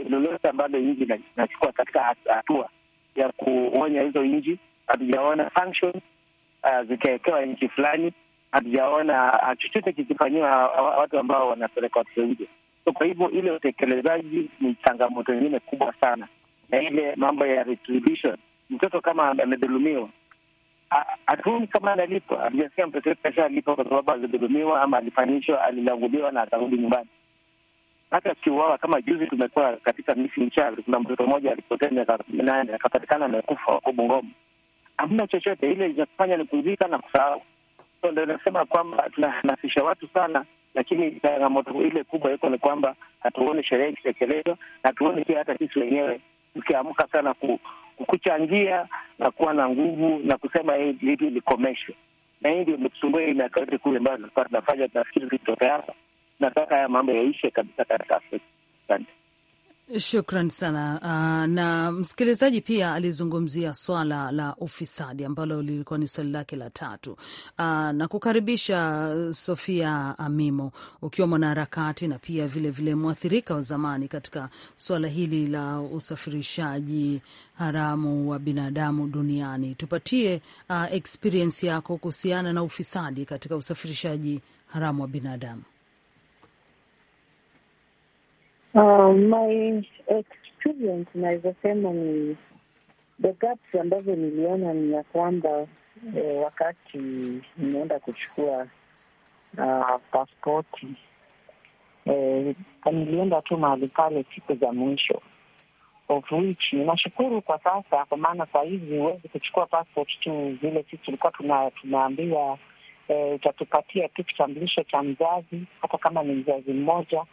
lolote ambalo nji inachukua katika hatua ya kuonya hizo nji Hatujaona sanctions uh, ah, zikawekewa nchi fulani, hatujaona chochote kikifanyiwa watu ambao wanapeleka watoto nje. So kwa hivyo ile utekelezaji ni changamoto nyingine kubwa sana, na ile mambo ya retribution. Mtoto kama amedhulumiwa hatuoni kama analipa. Hatujasikia mtoto wetu ashalipa kwa sababu alidhulumiwa ama alifanyishwa, alilanguliwa na atarudi nyumbani. Hata tukiuawa kama juzi, tumekuwa katika Missing Child, kuna mtoto mmoja alipotea miaka kumi na nane akapatikana amekufa huko Bungoma. Hamna chochote, ile inafanya ni kuzika na kusahau. So ndo inasema kwamba tunahamasisha watu sana, lakini changamoto ile kubwa iko ni kwamba hatuoni sheria ikitekelezwa na hatuoni pia hata sisi wenyewe ukiamka sana kukuchangia na kuwa na nguvu na kusema hivi likomeshwe, na hii ndio imetusumbua miaka kule ambayo tunafanya, tunafikiri tutatoka hapa, nataka haya mambo yaishe kabisa katika Afrika. Asante. Shukran sana. Uh, na msikilizaji pia alizungumzia swala la ufisadi ambalo lilikuwa ni swali lake la tatu. Uh, na kukaribisha Sofia Amimo, ukiwa mwanaharakati na pia vilevile mwathirika wa zamani katika swala hili la usafirishaji haramu wa binadamu duniani, tupatie uh, experience yako kuhusiana na ufisadi katika usafirishaji haramu wa binadamu. Uh, my experience naweza sema ni the gaps niliona ni ya kwamba e, wakati nimeenda kuchukua uh, paspoti e, eh, nilienda tu mahali pale siku za mwisho of which nashukuru kwa sasa, kwa maana saa hizi huwezi kuchukua paspot tu zile sisi tulikuwa tuna, tunaambiwa eh, utatupatia tu kitambulisho cha mzazi, hata kama ni mzazi mmoja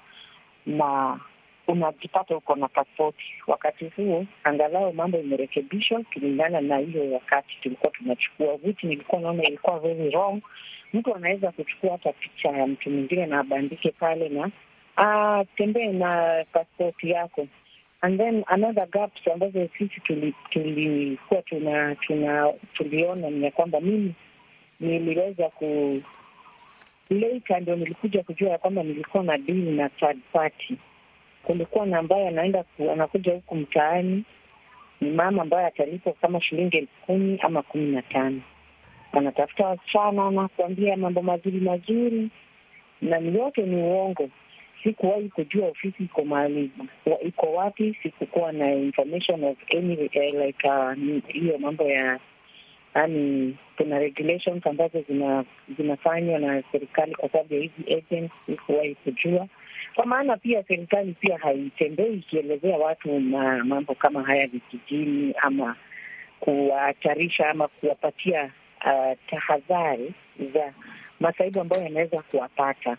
na unajipata uko na paspoti Wakati huo angalau mambo imerekebishwa kulingana na hiyo wakati tulikuwa tunachukua viti, nilikuwa naona ilikuwa very wrong. Mtu anaweza kuchukua hata picha ya mtu mwingine na abandike pale na atembee ah, na pasipoti yako. And then another gaps ambazo sisi tulikuwa tuna tuliona ni ya kwamba mimi niliweza ku leika ndio nilikuja kujua ya kwamba nilikuwa na dini na third party. Kulikuwa na ambaye anaenda anakuja huku mtaani, ni mama ambaye atalipwa kama shilingi elfu kumi ama kumi na tano anatafuta wasichana, anakuambia mambo mazuri mazuri, na ni yote ni uongo. Sikuwahi kujua ofisi iko mahali iko wapi, sikukuwa na information of any eh, like uh, hiyo uh, mambo ya yani kuna regulations ambazo zinafanywa na serikali kwa sababu ya hizi agency kuwahi kujua kwa maana pia serikali pia haitembei ikielezea watu na mambo kama haya vijijini, ama kuwahatarisha ama kuwapatia uh, tahadhari za masaibu ambayo yanaweza kuwapata.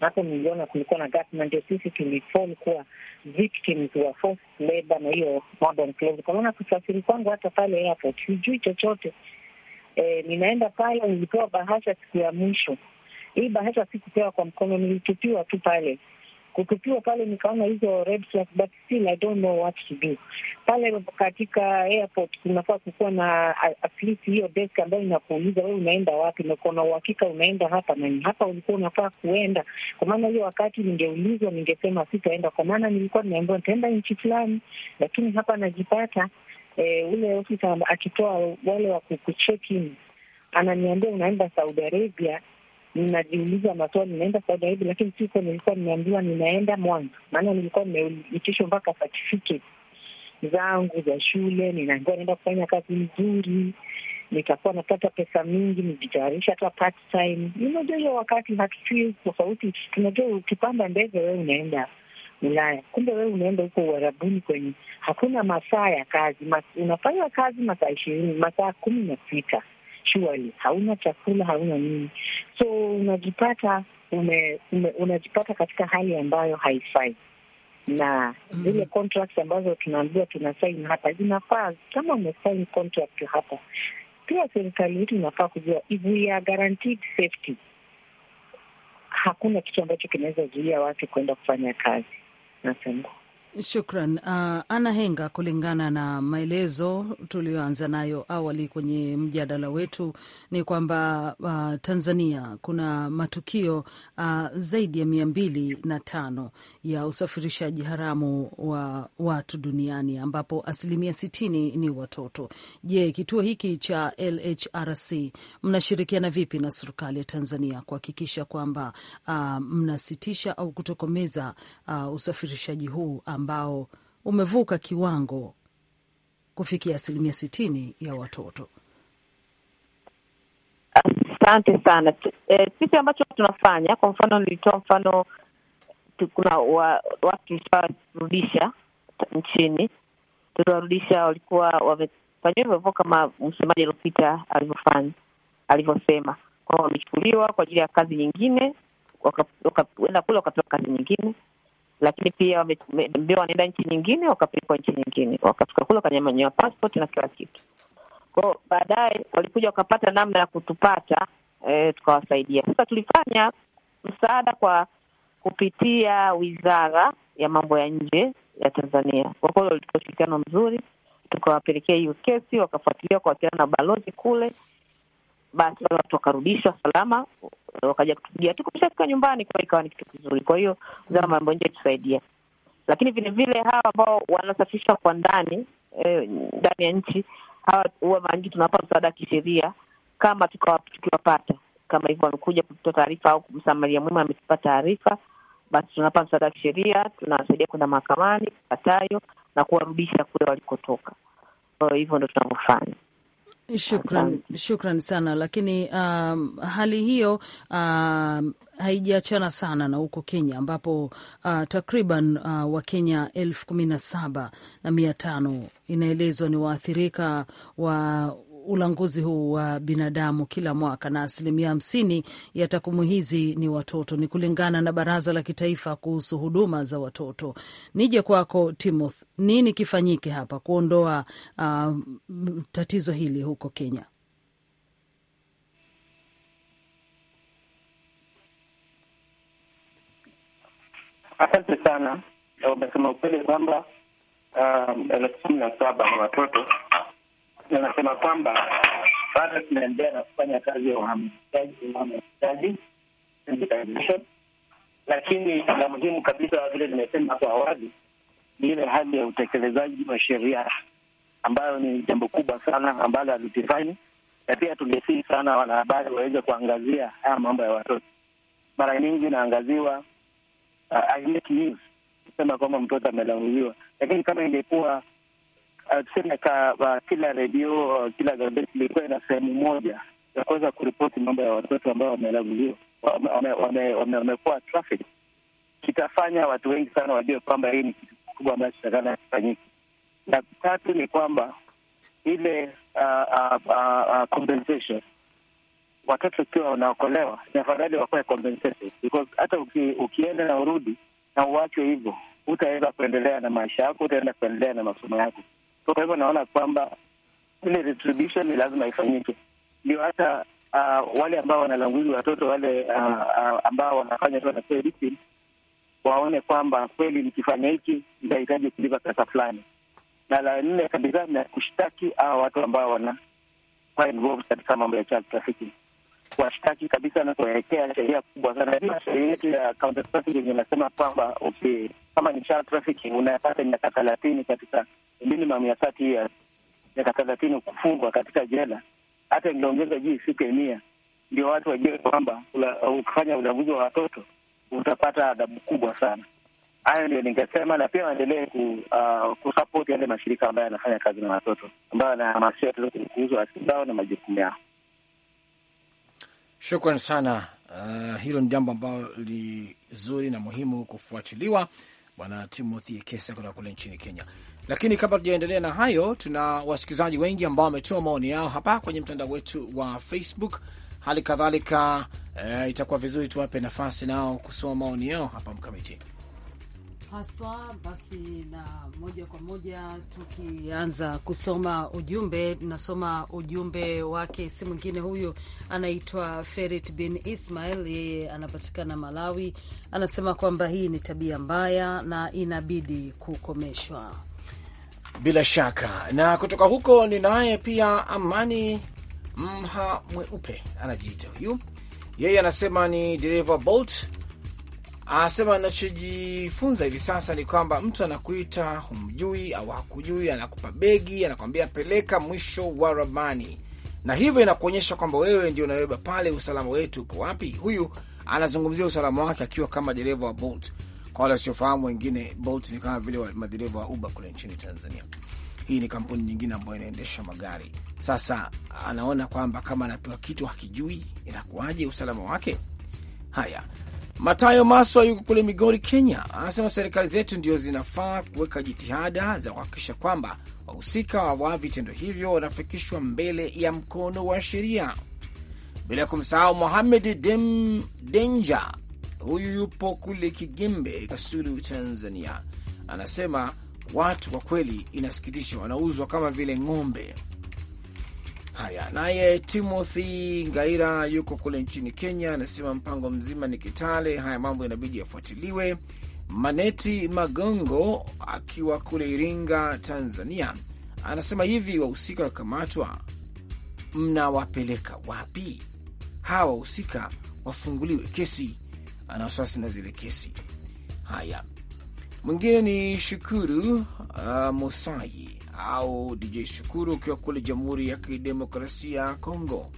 Hapo niliona kulikuwa na gap, na ndio sisi tulifall kuwa victims wa forced labor na hiyo modern Kwa maana kusafiri kwangu hata pale airport sijui chochote e, ninaenda pale, nilipewa bahasha siku ya mwisho. Hii bahasha sikupewa kwa mkono, nilitupiwa tu pale kutupiwa pale, nikaona hizo red flag, but still I don't know what to do. Pale katika airport kunafaa kukuwa na at least hiyo desk ambayo inakuuliza wewe unaenda wapi, na na uhakika unaenda hapa na ni hapa ulikuwa unafaa kuenda. Kwa maana hiyo, wakati ningeulizwa, ningesema sitaenda, kwa maana nilikuwa ninaambiwa nitaenda nchi fulani, lakini hapa najipata Eh, ule ofisa akitoa wale wa kucheki ananiambia unaenda Saudi Arabia. Ninajiuliza maswali, ninaenda Saudi Arabia, lakini siko, nilikuwa nimeambiwa ninaenda Mwanza, maana nilikuwa nimeitishwa mpaka certificate zangu za shule. Ninaambiwa naenda kufanya kazi nzuri, nitakuwa napata pesa mingi, nijitayarisha hata part time. Unajua hiyo wakati hatujui tofauti, tunajua ukipanda ndege wewe unaenda Ulaya. Kumbe wewe unaenda huko uharabuni kwenye hakuna masaa ya kazi Mas, unafanya kazi masaa ishirini masaa kumi na sita shuali, hauna chakula hauna nini, so unajipata ume, ume, unajipata katika hali ambayo haifai na mm -hmm. Zile contracts ambazo tunaambiwa tunasaini hapa zinafaa, kama umesain contract hapa pia serikali yetu inafaa kujua if we are guaranteed safety, hakuna kitu ambacho kinaweza zuia watu kwenda kufanya kazi. 的生活。Shukran uh, ah, Ana Henga. Kulingana na maelezo tuliyoanza nayo awali kwenye mjadala wetu ni kwamba uh, Tanzania kuna matukio uh, zaidi ya mia mbili na tano ya usafirishaji haramu wa watu duniani ambapo asilimia sitini ni watoto. Je, kituo hiki cha LHRC mnashirikiana vipi na serikali ya Tanzania kuhakikisha kwamba uh, mnasitisha au kutokomeza uh, usafirishaji huu um, ambao umevuka kiwango kufikia asilimia sitini ya watoto? Asante sana. Sisi eh, e, ambacho tunafanya kwa mfano, nilitoa mfano, kuna watu tulishawarudisha nchini, tuliwarudisha walikuwa wamefanyiwa hivyo hivyo kama msemaji aliopita alivyofanya alivyosema kwamba wamechukuliwa kwa ajili ya kazi nyingine, wakaenda waka, kule wakapewa kazi nyingine lakini pia mbio wanaenda nchi nyingine, wakapelekwa nchi nyingine, wakafika kule wakanyamanyiwa passport na kila kitu ko Baadaye walikuja wakapata namna ya kutupata e, tukawasaidia. Sasa tulifanya msaada kwa kupitia wizara ya mambo ya nje ya Tanzania. Kwa kweli ushirikiano mzuri, tukawapelekea hiyo kesi, wakafuatilia, wakawasiliana na balozi kule basi wale watu wakarudishwa salama, wakaja kutupigia tu kushafika nyumbani, kwa ikawa ni kitu kizuri. Kwa hiyo wizara mm. mambo nje tusaidia, lakini vilevile hawa ambao wanasafishwa kwa ndani eh, ndani eh, ya nchi hawa huwa mara nyingi tunawapa msaada wa kisheria kama tukiwapata kama hivyo, wamekuja kutoa taarifa au msamaria mwema ametupa taarifa, basi tunawapa msaada wa kisheria, tunawasaidia kwenda mahakamani kupatayo na kuwarudisha kule walikotoka. Kwa hivyo ndo tunavyofanya. Shukran, shukran sana lakini, um, hali hiyo um, haijaachana sana na huko Kenya ambapo uh, takriban uh, Wakenya elfu kumi na saba na mia tano inaelezwa ni waathirika wa ulanguzi huu wa binadamu kila mwaka, na asilimia hamsini ya takwimu hizi ni watoto, ni kulingana na Baraza la Kitaifa kuhusu Huduma za Watoto. Nije kwako Timothy, nini kifanyike hapa kuondoa uh, tatizo hili huko Kenya? Asante sana. Umesema ukweli kwamba um, elfu kumi na saba ni watoto anasema kwamba bado tunaendelea na kufanya kazi ya uhamasishaji, lakini la muhimu kabisa, vile nimesema hapo awali, ni ile hali ya utekelezaji wa sheria ambayo ni jambo kubwa sana ambalo halitifanyi, na pia tungesii sana wanahabari waweze kuangazia haya mambo ya watoto. Mara nyingi inaangaziwa uh, kusema kwamba mtoto amelaumiwa, lakini kama ingekuwa uh, tuseme ka, uh, kila redio uh, kila gazeti ilikuwa ina sehemu moja ya kuweza kuripoti mambo ya watoto ambao wamelaguliwa, wamekuwa traffic. Kitafanya watu wengi sana wajue kwamba hii ni kitu kikubwa ambacho chitakana akifanyiki. Na tatu ni kwamba ile uh, uh, uh, compensation watoto ukiwa wanaokolewa ni afadhali wakuwe compensated because hata uki, ukienda na urudi na uwachwe hivyo, utaweza kuendelea na maisha yako, utaenda kuendelea na masomo yako. Kwa hivyo naona kwamba ile retribution ni lazima ifanyike, ndio hata uh, wale ambao wanalanguzi watoto wale uh, uh, ambao wanafanya tu wanapewa victim waone kwamba kweli nikifanya hiki nitahitaji kulipa pesa fulani. Na la nne kabisa ni kushtaki hawa watu ambao wanakuwa involved katika mambo ya child trafficking washtaki kabisa na kuelekea sheria kubwa sana. Hiyo sheria yetu ya counter trafficking inasema kwamba okay, kama ni child trafficking unapata miaka thelathini katika minimum ya thirty years, miaka thelathini kufungwa katika jela. Hata ingeongeza juu ya mia, ndio watu wajue kwamba ukifanya ulanguzi wa watoto utapata adhabu kubwa sana. Hayo ndio ningesema, na pia waendelee ku, uh, kusapoti yale mashirika ambayo yanafanya kazi na watoto ambayo anahamasia watoto kuhusu haki zao na majukumu yao. Shukran sana. Uh, hilo ni jambo ambalo li zuri na muhimu kufuatiliwa, Bwana Timothy Kesa kutoka kule nchini Kenya. Lakini kabla tujaendelea na hayo, tuna wasikilizaji wengi ambao wametoa maoni yao hapa kwenye mtandao wetu wa Facebook. Hali kadhalika, uh, itakuwa vizuri tuwape nafasi nao kusoma maoni yao hapa mkamiti haswa. Basi na moja kwa moja tukianza kusoma ujumbe, tunasoma ujumbe wake, si mwingine huyu, anaitwa Ferit bin Ismail, yeye anapatikana Malawi. Anasema kwamba hii ni tabia mbaya na inabidi kukomeshwa bila shaka. Na kutoka huko ni naye pia Amani Mha Mweupe anajiita huyu, yeye anasema ni dereva Bolt anasema anachojifunza hivi sasa ni kwamba mtu anakuita humjui au hakujui, anakupa begi, anakwambia peleka mwisho wa ramani, na hivyo inakuonyesha kwamba wewe ndio unabeba pale, usalama wetu upo wapi? Huyu anazungumzia usalama wake akiwa kama dereva wa Bolt. Kwa wale wasiofahamu wengine, Bolt ni kama vile madereva wa Uber kule nchini Tanzania. Hii ni kampuni nyingine ambayo inaendesha magari. Sasa anaona kwamba kama anapewa kitu hakijui, inakuwaje usalama wake? Haya, Matayo Maswa yuko kule Migori, Kenya, anasema serikali zetu ndio zinafaa kuweka jitihada za kuhakikisha kwamba wahusika wa vitendo hivyo wanafikishwa mbele ya mkono wa sheria, bila ya kumsahau Mohamed Denja, huyu yupo kule Kigembe, Kasulu, Tanzania, anasema watu kwa kweli inasikitisha, wanauzwa kama vile ng'ombe. Haya, naye Timothy Ngaira yuko kule nchini Kenya, anasema mpango mzima ni Kitale. Haya mambo yanabidi yafuatiliwe. Maneti Magongo akiwa kule Iringa, Tanzania, anasema hivi, wahusika wakamatwa, mnawapeleka wapi hawa wahusika? Wafunguliwe kesi, ana wasiwasi na zile kesi. Haya, mwingine ni Shukuru uh, Musai au DJ Shukuru ukiwa kule Jamhuri ya Kidemokrasia ya Kongo,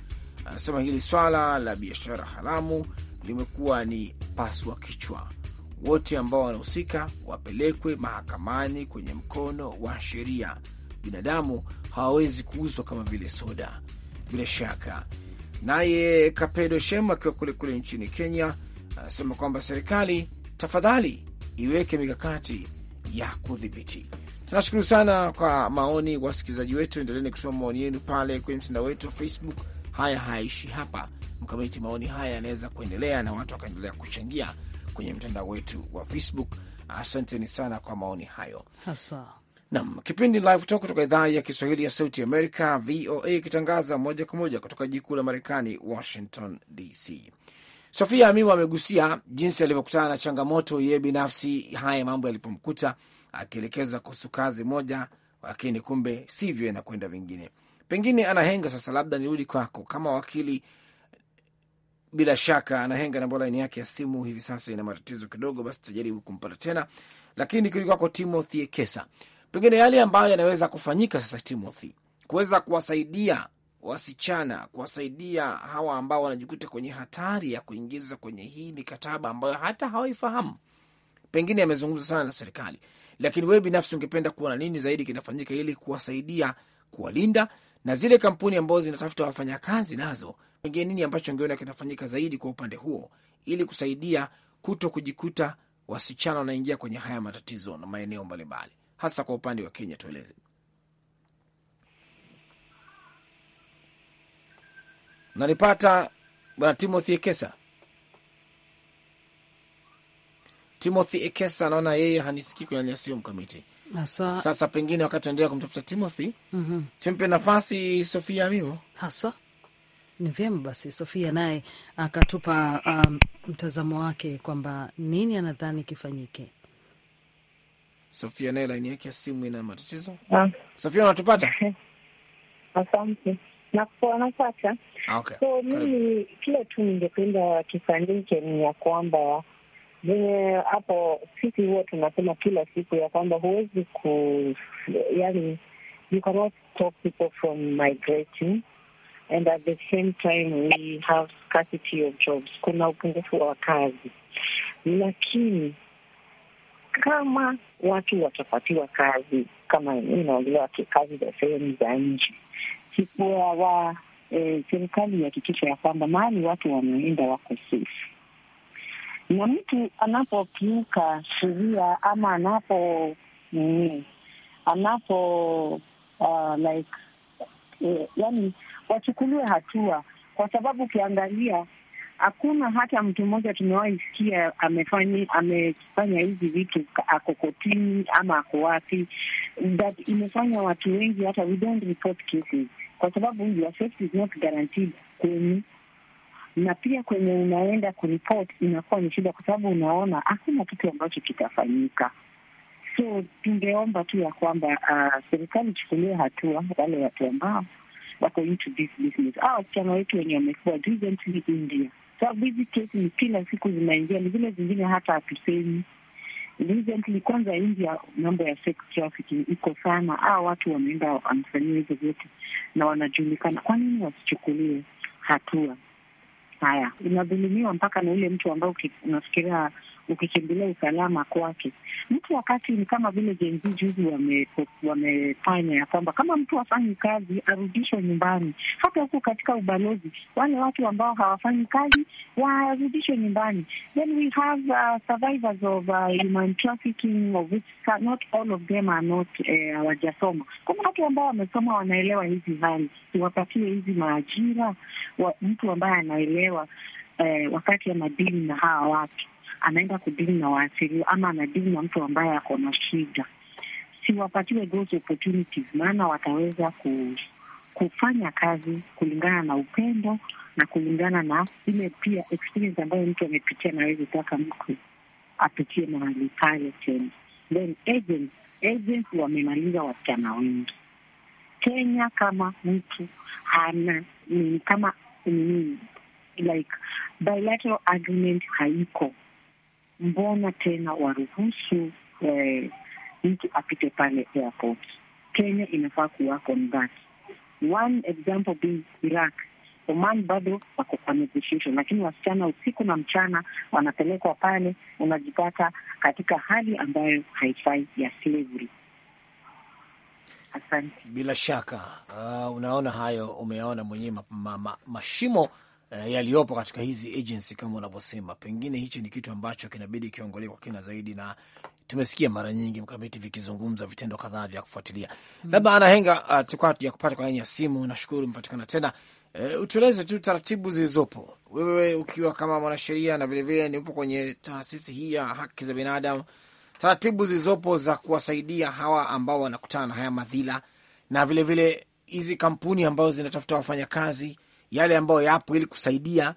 anasema hili swala la biashara haramu limekuwa ni paswa kichwa. Wote ambao wanahusika wapelekwe mahakamani kwenye mkono wa sheria. Binadamu hawawezi kuuzwa kama vile soda, bila shaka. Naye Kapedo Shem akiwa kule kule nchini Kenya anasema kwamba serikali tafadhali iweke mikakati ya kudhibiti Tunashukuru sana kwa maoni, wasikilizaji wetu, endeleni kusoma maoni yenu pale kwenye mtandao wetu wa Facebook. Haya hayaishi hapa, mkamiti, maoni haya yanaweza kuendelea na watu wakaendelea kuchangia kwenye mtandao wetu wa Facebook. Asanteni sana kwa maoni hayo hasa. Nam kipindi Live Talk kutoka idhaa ya Kiswahili ya Sauti Amerika, VOA, ikitangaza moja kwa moja kutoka jiji kuu la Marekani, Washington DC. Sofia Amiwa amegusia jinsi alivyokutana na changamoto yeye binafsi, haya mambo yalipomkuta akielekeza kuhusu kazi moja, lakini kumbe sivyo, inakwenda vingine. Pengine Anahenga, sasa labda nirudi kwako kama wakili. Bila shaka Anahenga nambo laini yake ya simu hivi sasa ina matatizo kidogo, basi tutajaribu kumpata tena, lakini nikirudi kwako Timothy Kesa, pengine yale ambayo yanaweza kufanyika sasa, Timothy, kuweza kuwasaidia wasichana kuwasaidia hawa ambao wanajikuta kwenye hatari ya kuingizwa kwenye hii mikataba ambayo hata hawaifahamu. Pengine amezungumza sana na serikali, lakini wewe binafsi ungependa kuona nini zaidi kinafanyika ili kuwasaidia kuwalinda, na zile kampuni ambazo zinatafuta wafanyakazi nazo, pengine nini ambacho ungeona kinafanyika zaidi kwa upande huo ili kusaidia kuto kujikuta wasichana wanaingia kwenye haya matatizo na maeneo mbalimbali, hasa kwa upande wa Kenya? Tueleze. Nanipata Bwana Timothy Kesa. Timothy Ekesa, naona yeye hanisikii kwenye aliasio mkamiti Haswa. Sasa pengine wakati endelea kumtafuta Timothy mm -hmm. tumpe nafasi Sofia Mimo haswa. Ni vyema basi Sofia naye akatupa um, mtazamo wake kwamba nini anadhani kifanyike. Sofia naye laini yake ya simu ina matatizo. Ah. Sofia, unatupata? <laughs> Asante. Napata. Ah, okay. So mimi kile tu ningependa kifanyike ni ya kwamba venye hapo sisi huwa tunasema kila siku ya kwamba huwezi ku, yani you cannot stop people from migrating and at the same time we have scarcity of jobs, kuna upungufu wa kazi, lakini kama watu watapatiwa kazi kama you know, kazi za sehemu za nje sikuwa wa eh, serikali ihakikisha ya kwamba mahali watu wanaenda wako safe na mtu anapokiuka sheria ama anapo mm, anapo uh, like eh, yani wachukuliwe hatua, kwa sababu ukiangalia hakuna hata mtu mmoja tumewahi sikia amefanya amefanya hizi vitu ako kotini ama ako wapi, that imefanya watu wengi hata we don't report cases, kwa sababu your safety is not guaranteed kwenu na pia kwenye unaenda kuripoti inakuwa ni shida, kwa sababu unaona hakuna kitu ambacho kitafanyika. So tungeomba tu ya kwamba uh, serikali ichukulie hatua wale watu ambao wako into this business, au ah, wasichana wetu wenye wamekuwa recently India, sababu hizi kesi ni kila siku zinaingia, ni zile zingine hata hatusemi recently. Kwanza India mambo ya sex trafficking iko sana, au ah, watu wameenda wamefanyia hizo vyote na wanajulikana. Kwa nini wasichukulie hatua? haya. Inadhulumiwa mpaka na ule mtu ambao unafikiria ukikimbilia usalama kwake. Mtu wakati ni kama vile jenzi juzi wamefanya ya kwamba kama mtu hafanyi kazi arudishwe nyumbani. Hata huku katika ubalozi wale watu ambao hawafanyi kazi warudishwe nyumbani. Then we have uh, survivors of uh, human trafficking of which not all of them are not eh, hawajasoma. Uh, kuna watu ambao wamesoma wanaelewa hizi hali, iwapatie hizi maajira wa, mtu ambaye anaelewa uh, wakati anadili na hawa watu anaenda kudili na waathiriwa ama anadili na mtu ambaye ako na shida, siwapatiwe those opportunities, maana wataweza ku, kufanya kazi kulingana na upendo na kulingana na ile pia experience ambayo mtu amepitia, na awezi taka mtu apitie mahali pale tena. Then agents, agents wamemaliza wasichana wengi Kenya. Kama mtu hana kama like bilateral agreement haiko mbona tena waruhusu eh, mtu apite pale airport? Kenya inafaa kuwako on that. One example being Iraq. Oman bado wako kwa negotiation, lakini wasichana usiku na mchana wanapelekwa pale, unajipata katika hali ambayo haifai ya slavery. Asante. Bila shaka uh, unaona hayo, umeyaona mwenyewe mashimo ma, ma, uh, yaliyopo katika hizi agency kama unavyosema, pengine hichi ni kitu ambacho kinabidi kiongolewe kwa kina zaidi, na tumesikia mara nyingi mkamiti vikizungumza vitendo kadhaa vya kufuatilia mm. Labda anahenga uh, tukao ya kupata kwa ya simu, nashukuru mpatikana tena uh, utueleze tu taratibu zilizopo, wewe ukiwa kama mwanasheria na vilevile upo kwenye taasisi hii ya haki za binadamu, taratibu zilizopo za kuwasaidia hawa ambao wanakutana na haya madhila na vilevile hizi kampuni ambazo zinatafuta wafanyakazi yale ambayo yapo, ili kusaidia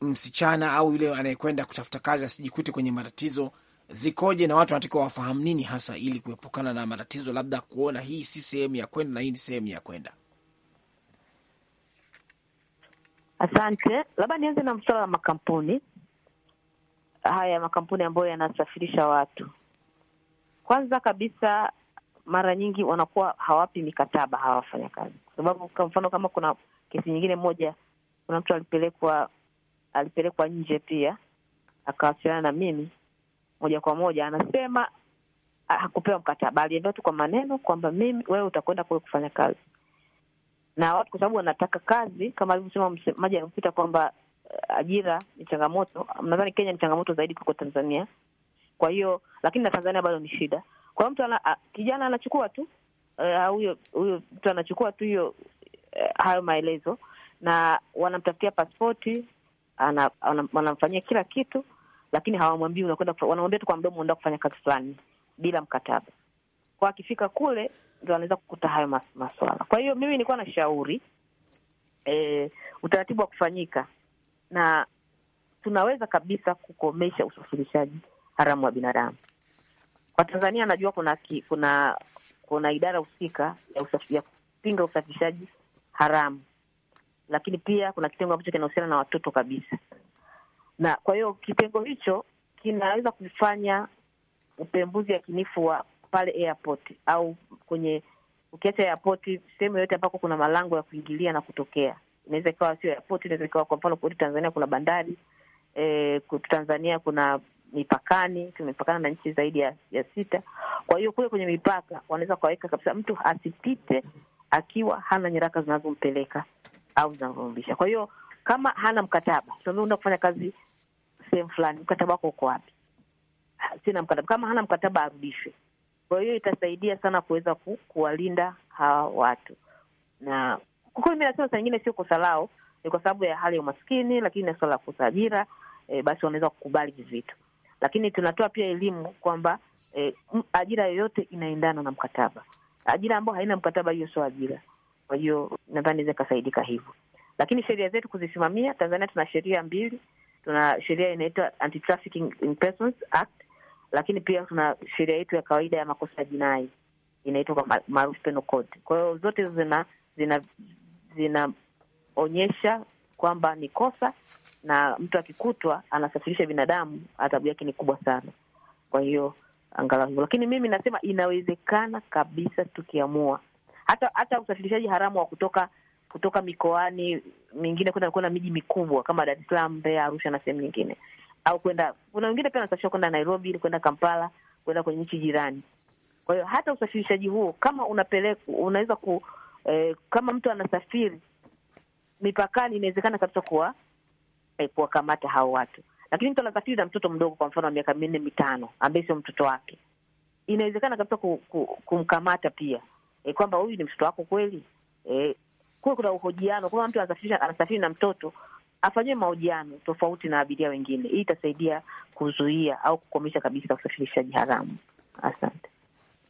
msichana au yule anayekwenda kutafuta kazi asijikute kwenye matatizo zikoje, na watu wanatakiwa wafahamu nini hasa, ili kuepukana na matatizo, labda kuona hii si sehemu ya kwenda na hii ni sehemu ya kwenda. Asante, labda nianze na mswala wa makampuni haya, makampuni ambayo yanasafirisha watu. Kwanza kabisa, mara nyingi wanakuwa hawapi mikataba hawa wafanyakazi, kwa sababu kwa mfano kama kuna kesi nyingine moja, kuna mtu alipelekwa alipelekwa nje pia, akawasiliana na mimi moja kwa moja, anasema ah, hakupewa mkataba, aliambiwa tu kwa maneno kwamba mimi, wewe utakwenda kule kufanya kazi na watu, kwa sababu wanataka kazi, kama alivyosema maji aliopita kwamba eh, ajira ni changamoto. Nadhani Kenya ni changamoto zaidi kuliko Tanzania, kwa hiyo lakini na Tanzania bado ni shida. Kwa hiyo mtu ana, ah, kijana anachukua tu eh, huyo uh, huyo mtu anachukua tu hiyo eh, hayo maelezo, na wanamtafutia paspoti wanamfanyia kila kitu, lakini hawamwambii unakwenda, wanamwambia tu kwa mdomo, unaenda kufanya kazi fulani bila mkataba. Kwa akifika kule ndo anaweza kukuta hayo mas, maswala. Kwa hiyo mimi nilikuwa na shauri e, utaratibu wa kufanyika na tunaweza kabisa kukomesha usafirishaji haramu wa binadamu kwa Tanzania. Najua kuna ki, kuna kuna idara husika ya kupinga usafirishaji haramu, lakini pia kuna kitengo ambacho kinahusiana na watoto kabisa. Na kwa hiyo kitengo hicho kinaweza kufanya upembuzi yakinifu wa pale airport au kwenye ukiacha airport, sehemu yoyote ambako kuna malango ya kuingilia na kutokea. Inaweza ikawa sio airport, inaweza ikawa kwa mfano kwetu Tanzania kuna bandari e, Tanzania kuna mipakani, tumepakana na nchi zaidi ya, ya sita. Kwa hiyo kule kwenye mipaka wanaweza kuwaweka kabisa mtu asipite akiwa hana nyaraka zinazompeleka au zinazomrudisha. Kwa hiyo kama hana mkataba, unaenda kufanya kazi sehemu fulani, mkataba wako uko wapi? Sina mkataba. Kama hana mkataba arudishwe. Kwa hiyo itasaidia sana kuweza ku, kuwalinda hawa watu, na kwa mi nasema saa nyingine sio kosa lao, ni kwa sababu ya hali ya umaskini, lakini na suala la kukosa ajira e, basi wanaweza kukubali hivi vitu, lakini tunatoa pia elimu kwamba e, ajira yoyote inaendana na mkataba ajira ambayo haina mkataba, hiyo sio ajira. Kwa hiyo nadhani iza ikasaidika hivyo, lakini sheria zetu kuzisimamia. Tanzania tuna sheria mbili, tuna sheria inaitwa Anti-Trafficking in Persons Act, lakini pia tuna sheria yetu ya kawaida ya makosa ya jinai inaitwa kwa maarufu penal code. Kwa hiyo zote hizo zina zina zinaonyesha kwamba ni kosa na mtu akikutwa anasafirisha binadamu, adhabu yake ni kubwa sana. Kwa hiyo angalau hivyo. Lakini mimi nasema inawezekana kabisa, tukiamua hata hata usafirishaji haramu wa kutoka kutoka mikoani mingine kwenda kwenda miji mikubwa kama Dar es Salaam, Mbeya, Arusha na sehemu nyingine, au kwenda kuna wengine pia wanasafirishwa kwenda Nairobi, kwenda Kampala, kwenda kwenye nchi jirani. Kwa hiyo hata usafirishaji huo kama unapeleka unaweza ku eh, kama mtu anasafiri mipakani, inawezekana kabisa kuwa eh, kuwakamata hao watu. Lakini mtu anakatiza na mtoto mdogo, kwa mfano wa miaka minne mitano, ambaye sio mtoto wake, inawezekana kabisa ku, ku, kumkamata pia e, kwamba huyu ni mtoto wako kweli e, kuwe kuna uhojiano, kama mtu anasafiri na mtoto afanyiwe mahojiano tofauti na abiria wengine. Hii itasaidia kuzuia au kukomesha kabisa usafirishaji haramu. Asante.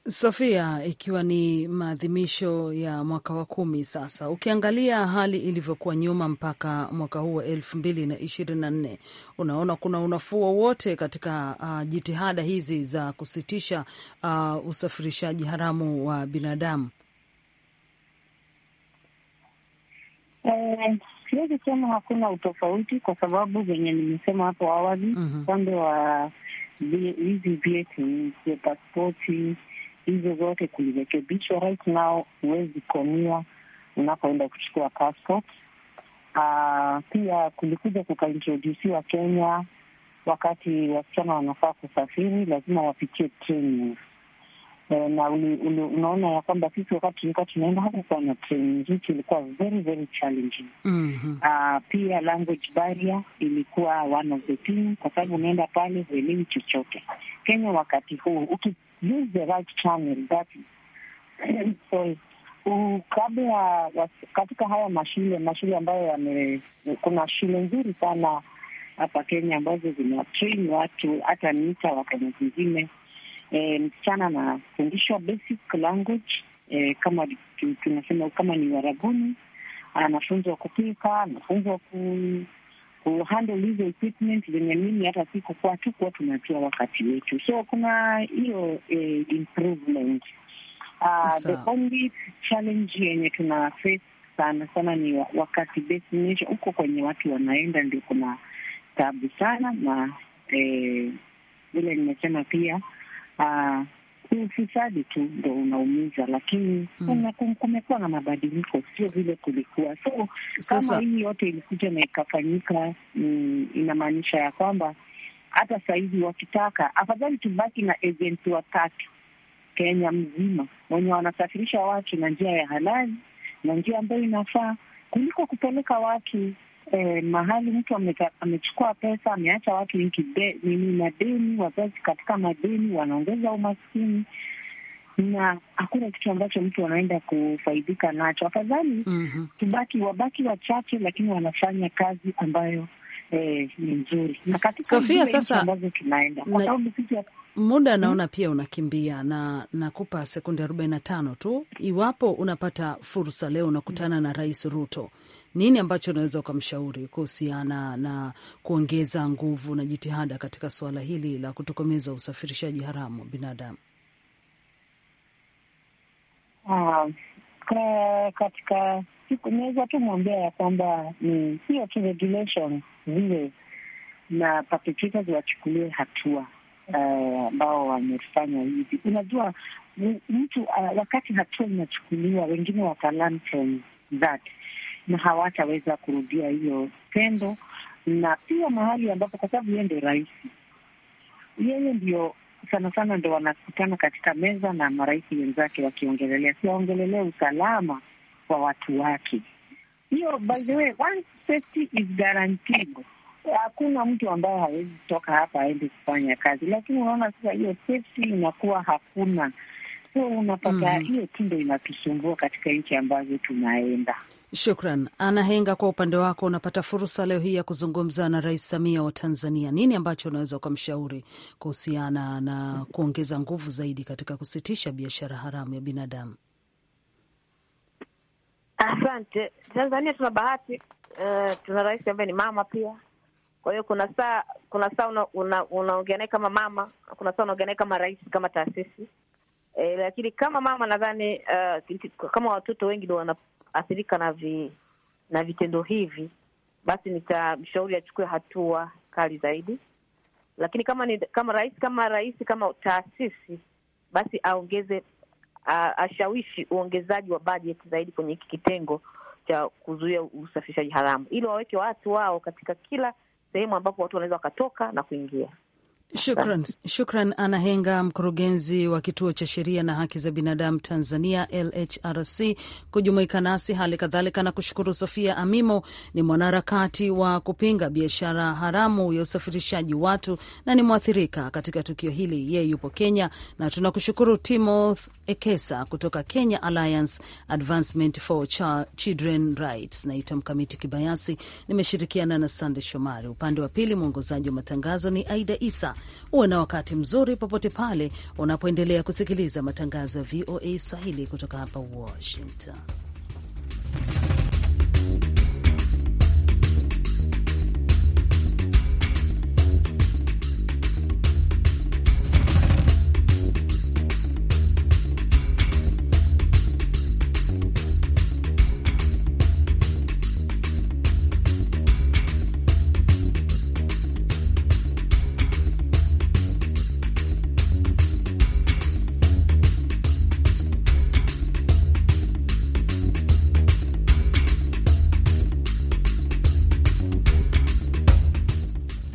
Sofia, ikiwa ni maadhimisho ya mwaka wa kumi sasa, ukiangalia hali ilivyokuwa nyuma mpaka mwaka huu wa elfu mbili na ishirini na nne unaona kuna unafuu wowote katika uh, jitihada hizi za kusitisha uh, usafirishaji haramu wa binadamu? Eh, siwezi sema hakuna utofauti kwa sababu venye nimesema hapo awali mhm. upande mm -hmm. wa hizi vyeti vya paspoti hizo zote kulirekebishwa. Right now huwezi komia unapoenda kuchukua passport. Uh, pia kulikuja kukaintrodusiwa Kenya, wakati wasichana wanafaa kusafiri lazima wapitie training Eh, na unaona ya kwamba sisi wakati tulikuwa tunaenda hakukuwa na training, hiki ilikuwa very very challenging. mm -hmm. Uh, Pia language barrier ilikuwa one of the thing, kwa sababu unaenda pale huelewi chochote. Kenya wakati huu uki use the right channel that <coughs> sorry kabla katika haya mashule mashule ambayo yame, kuna shule nzuri sana hapa Kenya ambazo zinatrain watu hata niita wakenya zingine Eh, msichana anafundishwa basic language eh, kama tunasema kama ni waraguni anafunzwa kupika, anafunzwa ku, hizo equipment zenye mimi hata kwa tu kuwa tunajua wakati wetu, so kuna hiyo eh, improvement Uh, the only challenge yenye tuna face sana sana ni wakati destination huko kwenye watu wanaenda, ndio kuna tabu sana na eh, vile eh, nimesema pia Ah, ni ufisadi tu ndo unaumiza, lakini mm. kumekuwa na mabadiliko, sio vile kulikuwa. So Sasa, kama hii yote ilikuja na ikafanyika, mm, inamaanisha ya kwamba hata sahizi wakitaka, afadhali tubaki na agenti watatu Kenya mzima wenye wanasafirisha watu na njia ya halali na njia ambayo inafaa kuliko kupeleka watu eh, mahali mtu amechukua pesa ameacha watu wengi nini madeni, wazazi katika madeni wanaongeza umaskini na hakuna kitu ambacho mtu anaenda kufaidika nacho. Afadhali mm -hmm. tubaki wabaki wachache, lakini wanafanya kazi ambayo eh, ni nzuri na katika Sofia, sasa ambazo tunaenda kwa sababu sisi muda hmm? naona pia unakimbia, na nakupa sekunde arobaini na tano tu. Iwapo unapata fursa leo unakutana na Rais Ruto, nini ambacho unaweza ukamshauri kuhusiana na kuongeza nguvu na jitihada katika suala hili la kutokomeza usafirishaji haramu wa binadamu? Ah, ka, katika siku naweza tu mwambia ya kwamba ni hiyo tu regulation zile na perpetrators wachukulie hatua eh, ambao uh, wamefanya hivi. Unajua mtu uh, wakati hatua inachukuliwa wengine watalan from that na hawataweza kurudia hiyo tendo, na pia mahali ambapo, kwa sababu yeye ndio rais, yeye ndio sana sana ndo wanakutana katika meza na marais wenzake wakiongelelea, siwaongelelea usalama kwa watu wake. Hiyo by the way, one safety is guaranteed. Hakuna mtu ambaye hawezi kutoka hapa aende kufanya kazi, lakini unaona sasa hiyo safety inakuwa hakuna, so unapata mm. hiyo mm -hmm. tindo inatusumbua katika nchi ambazo tunaenda. Shukran Ana Henga. Kwa upande wako, unapata fursa leo hii ya kuzungumza na Rais Samia wa Tanzania. Nini ambacho unaweza ukamshauri kuhusiana na kuongeza nguvu zaidi katika kusitisha biashara haramu ya binadamu? Asante. Tanzania tuna bahati uh, tuna rais ambaye ni mama pia. Kwa hiyo kuna saa kuna saa unaongea una, una naye kama mama, kuna saa unaongea naye kama rais, kama taasisi e, lakini kama mama nadhani uh, kama watoto wengi wana ataathirika na vi, na vitendo hivi, basi nitamshauri achukue hatua kali zaidi. Lakini kama ni, kama rais kama rais kama taasisi, basi aongeze ashawishi uongezaji wa bajeti zaidi kwenye hiki kitengo cha kuzuia usafirishaji haramu, ili waweke watu wao katika kila sehemu ambapo watu wanaweza wakatoka na kuingia. Shukran, shukran Ana Henga, mkurugenzi wa kituo cha sheria na haki za binadamu Tanzania, LHRC, kujumuika nasi. Hali kadhalika na kushukuru Sofia Amimo, ni mwanaharakati wa kupinga biashara haramu ya usafirishaji watu na ni mwathirika katika tukio hili, yeye yupo Kenya. Na tunakushukuru Timoth Ekesa kutoka Kenya Alliance Advancement for Children Rights. Naitwa Mkamiti Kibayasi, nimeshirikiana na Sande Shomari, upande wa pili mwongozaji wa matangazo ni Aida Isa. Uwe na wakati mzuri popote pale unapoendelea kusikiliza matangazo ya VOA Swahili kutoka hapa Washington.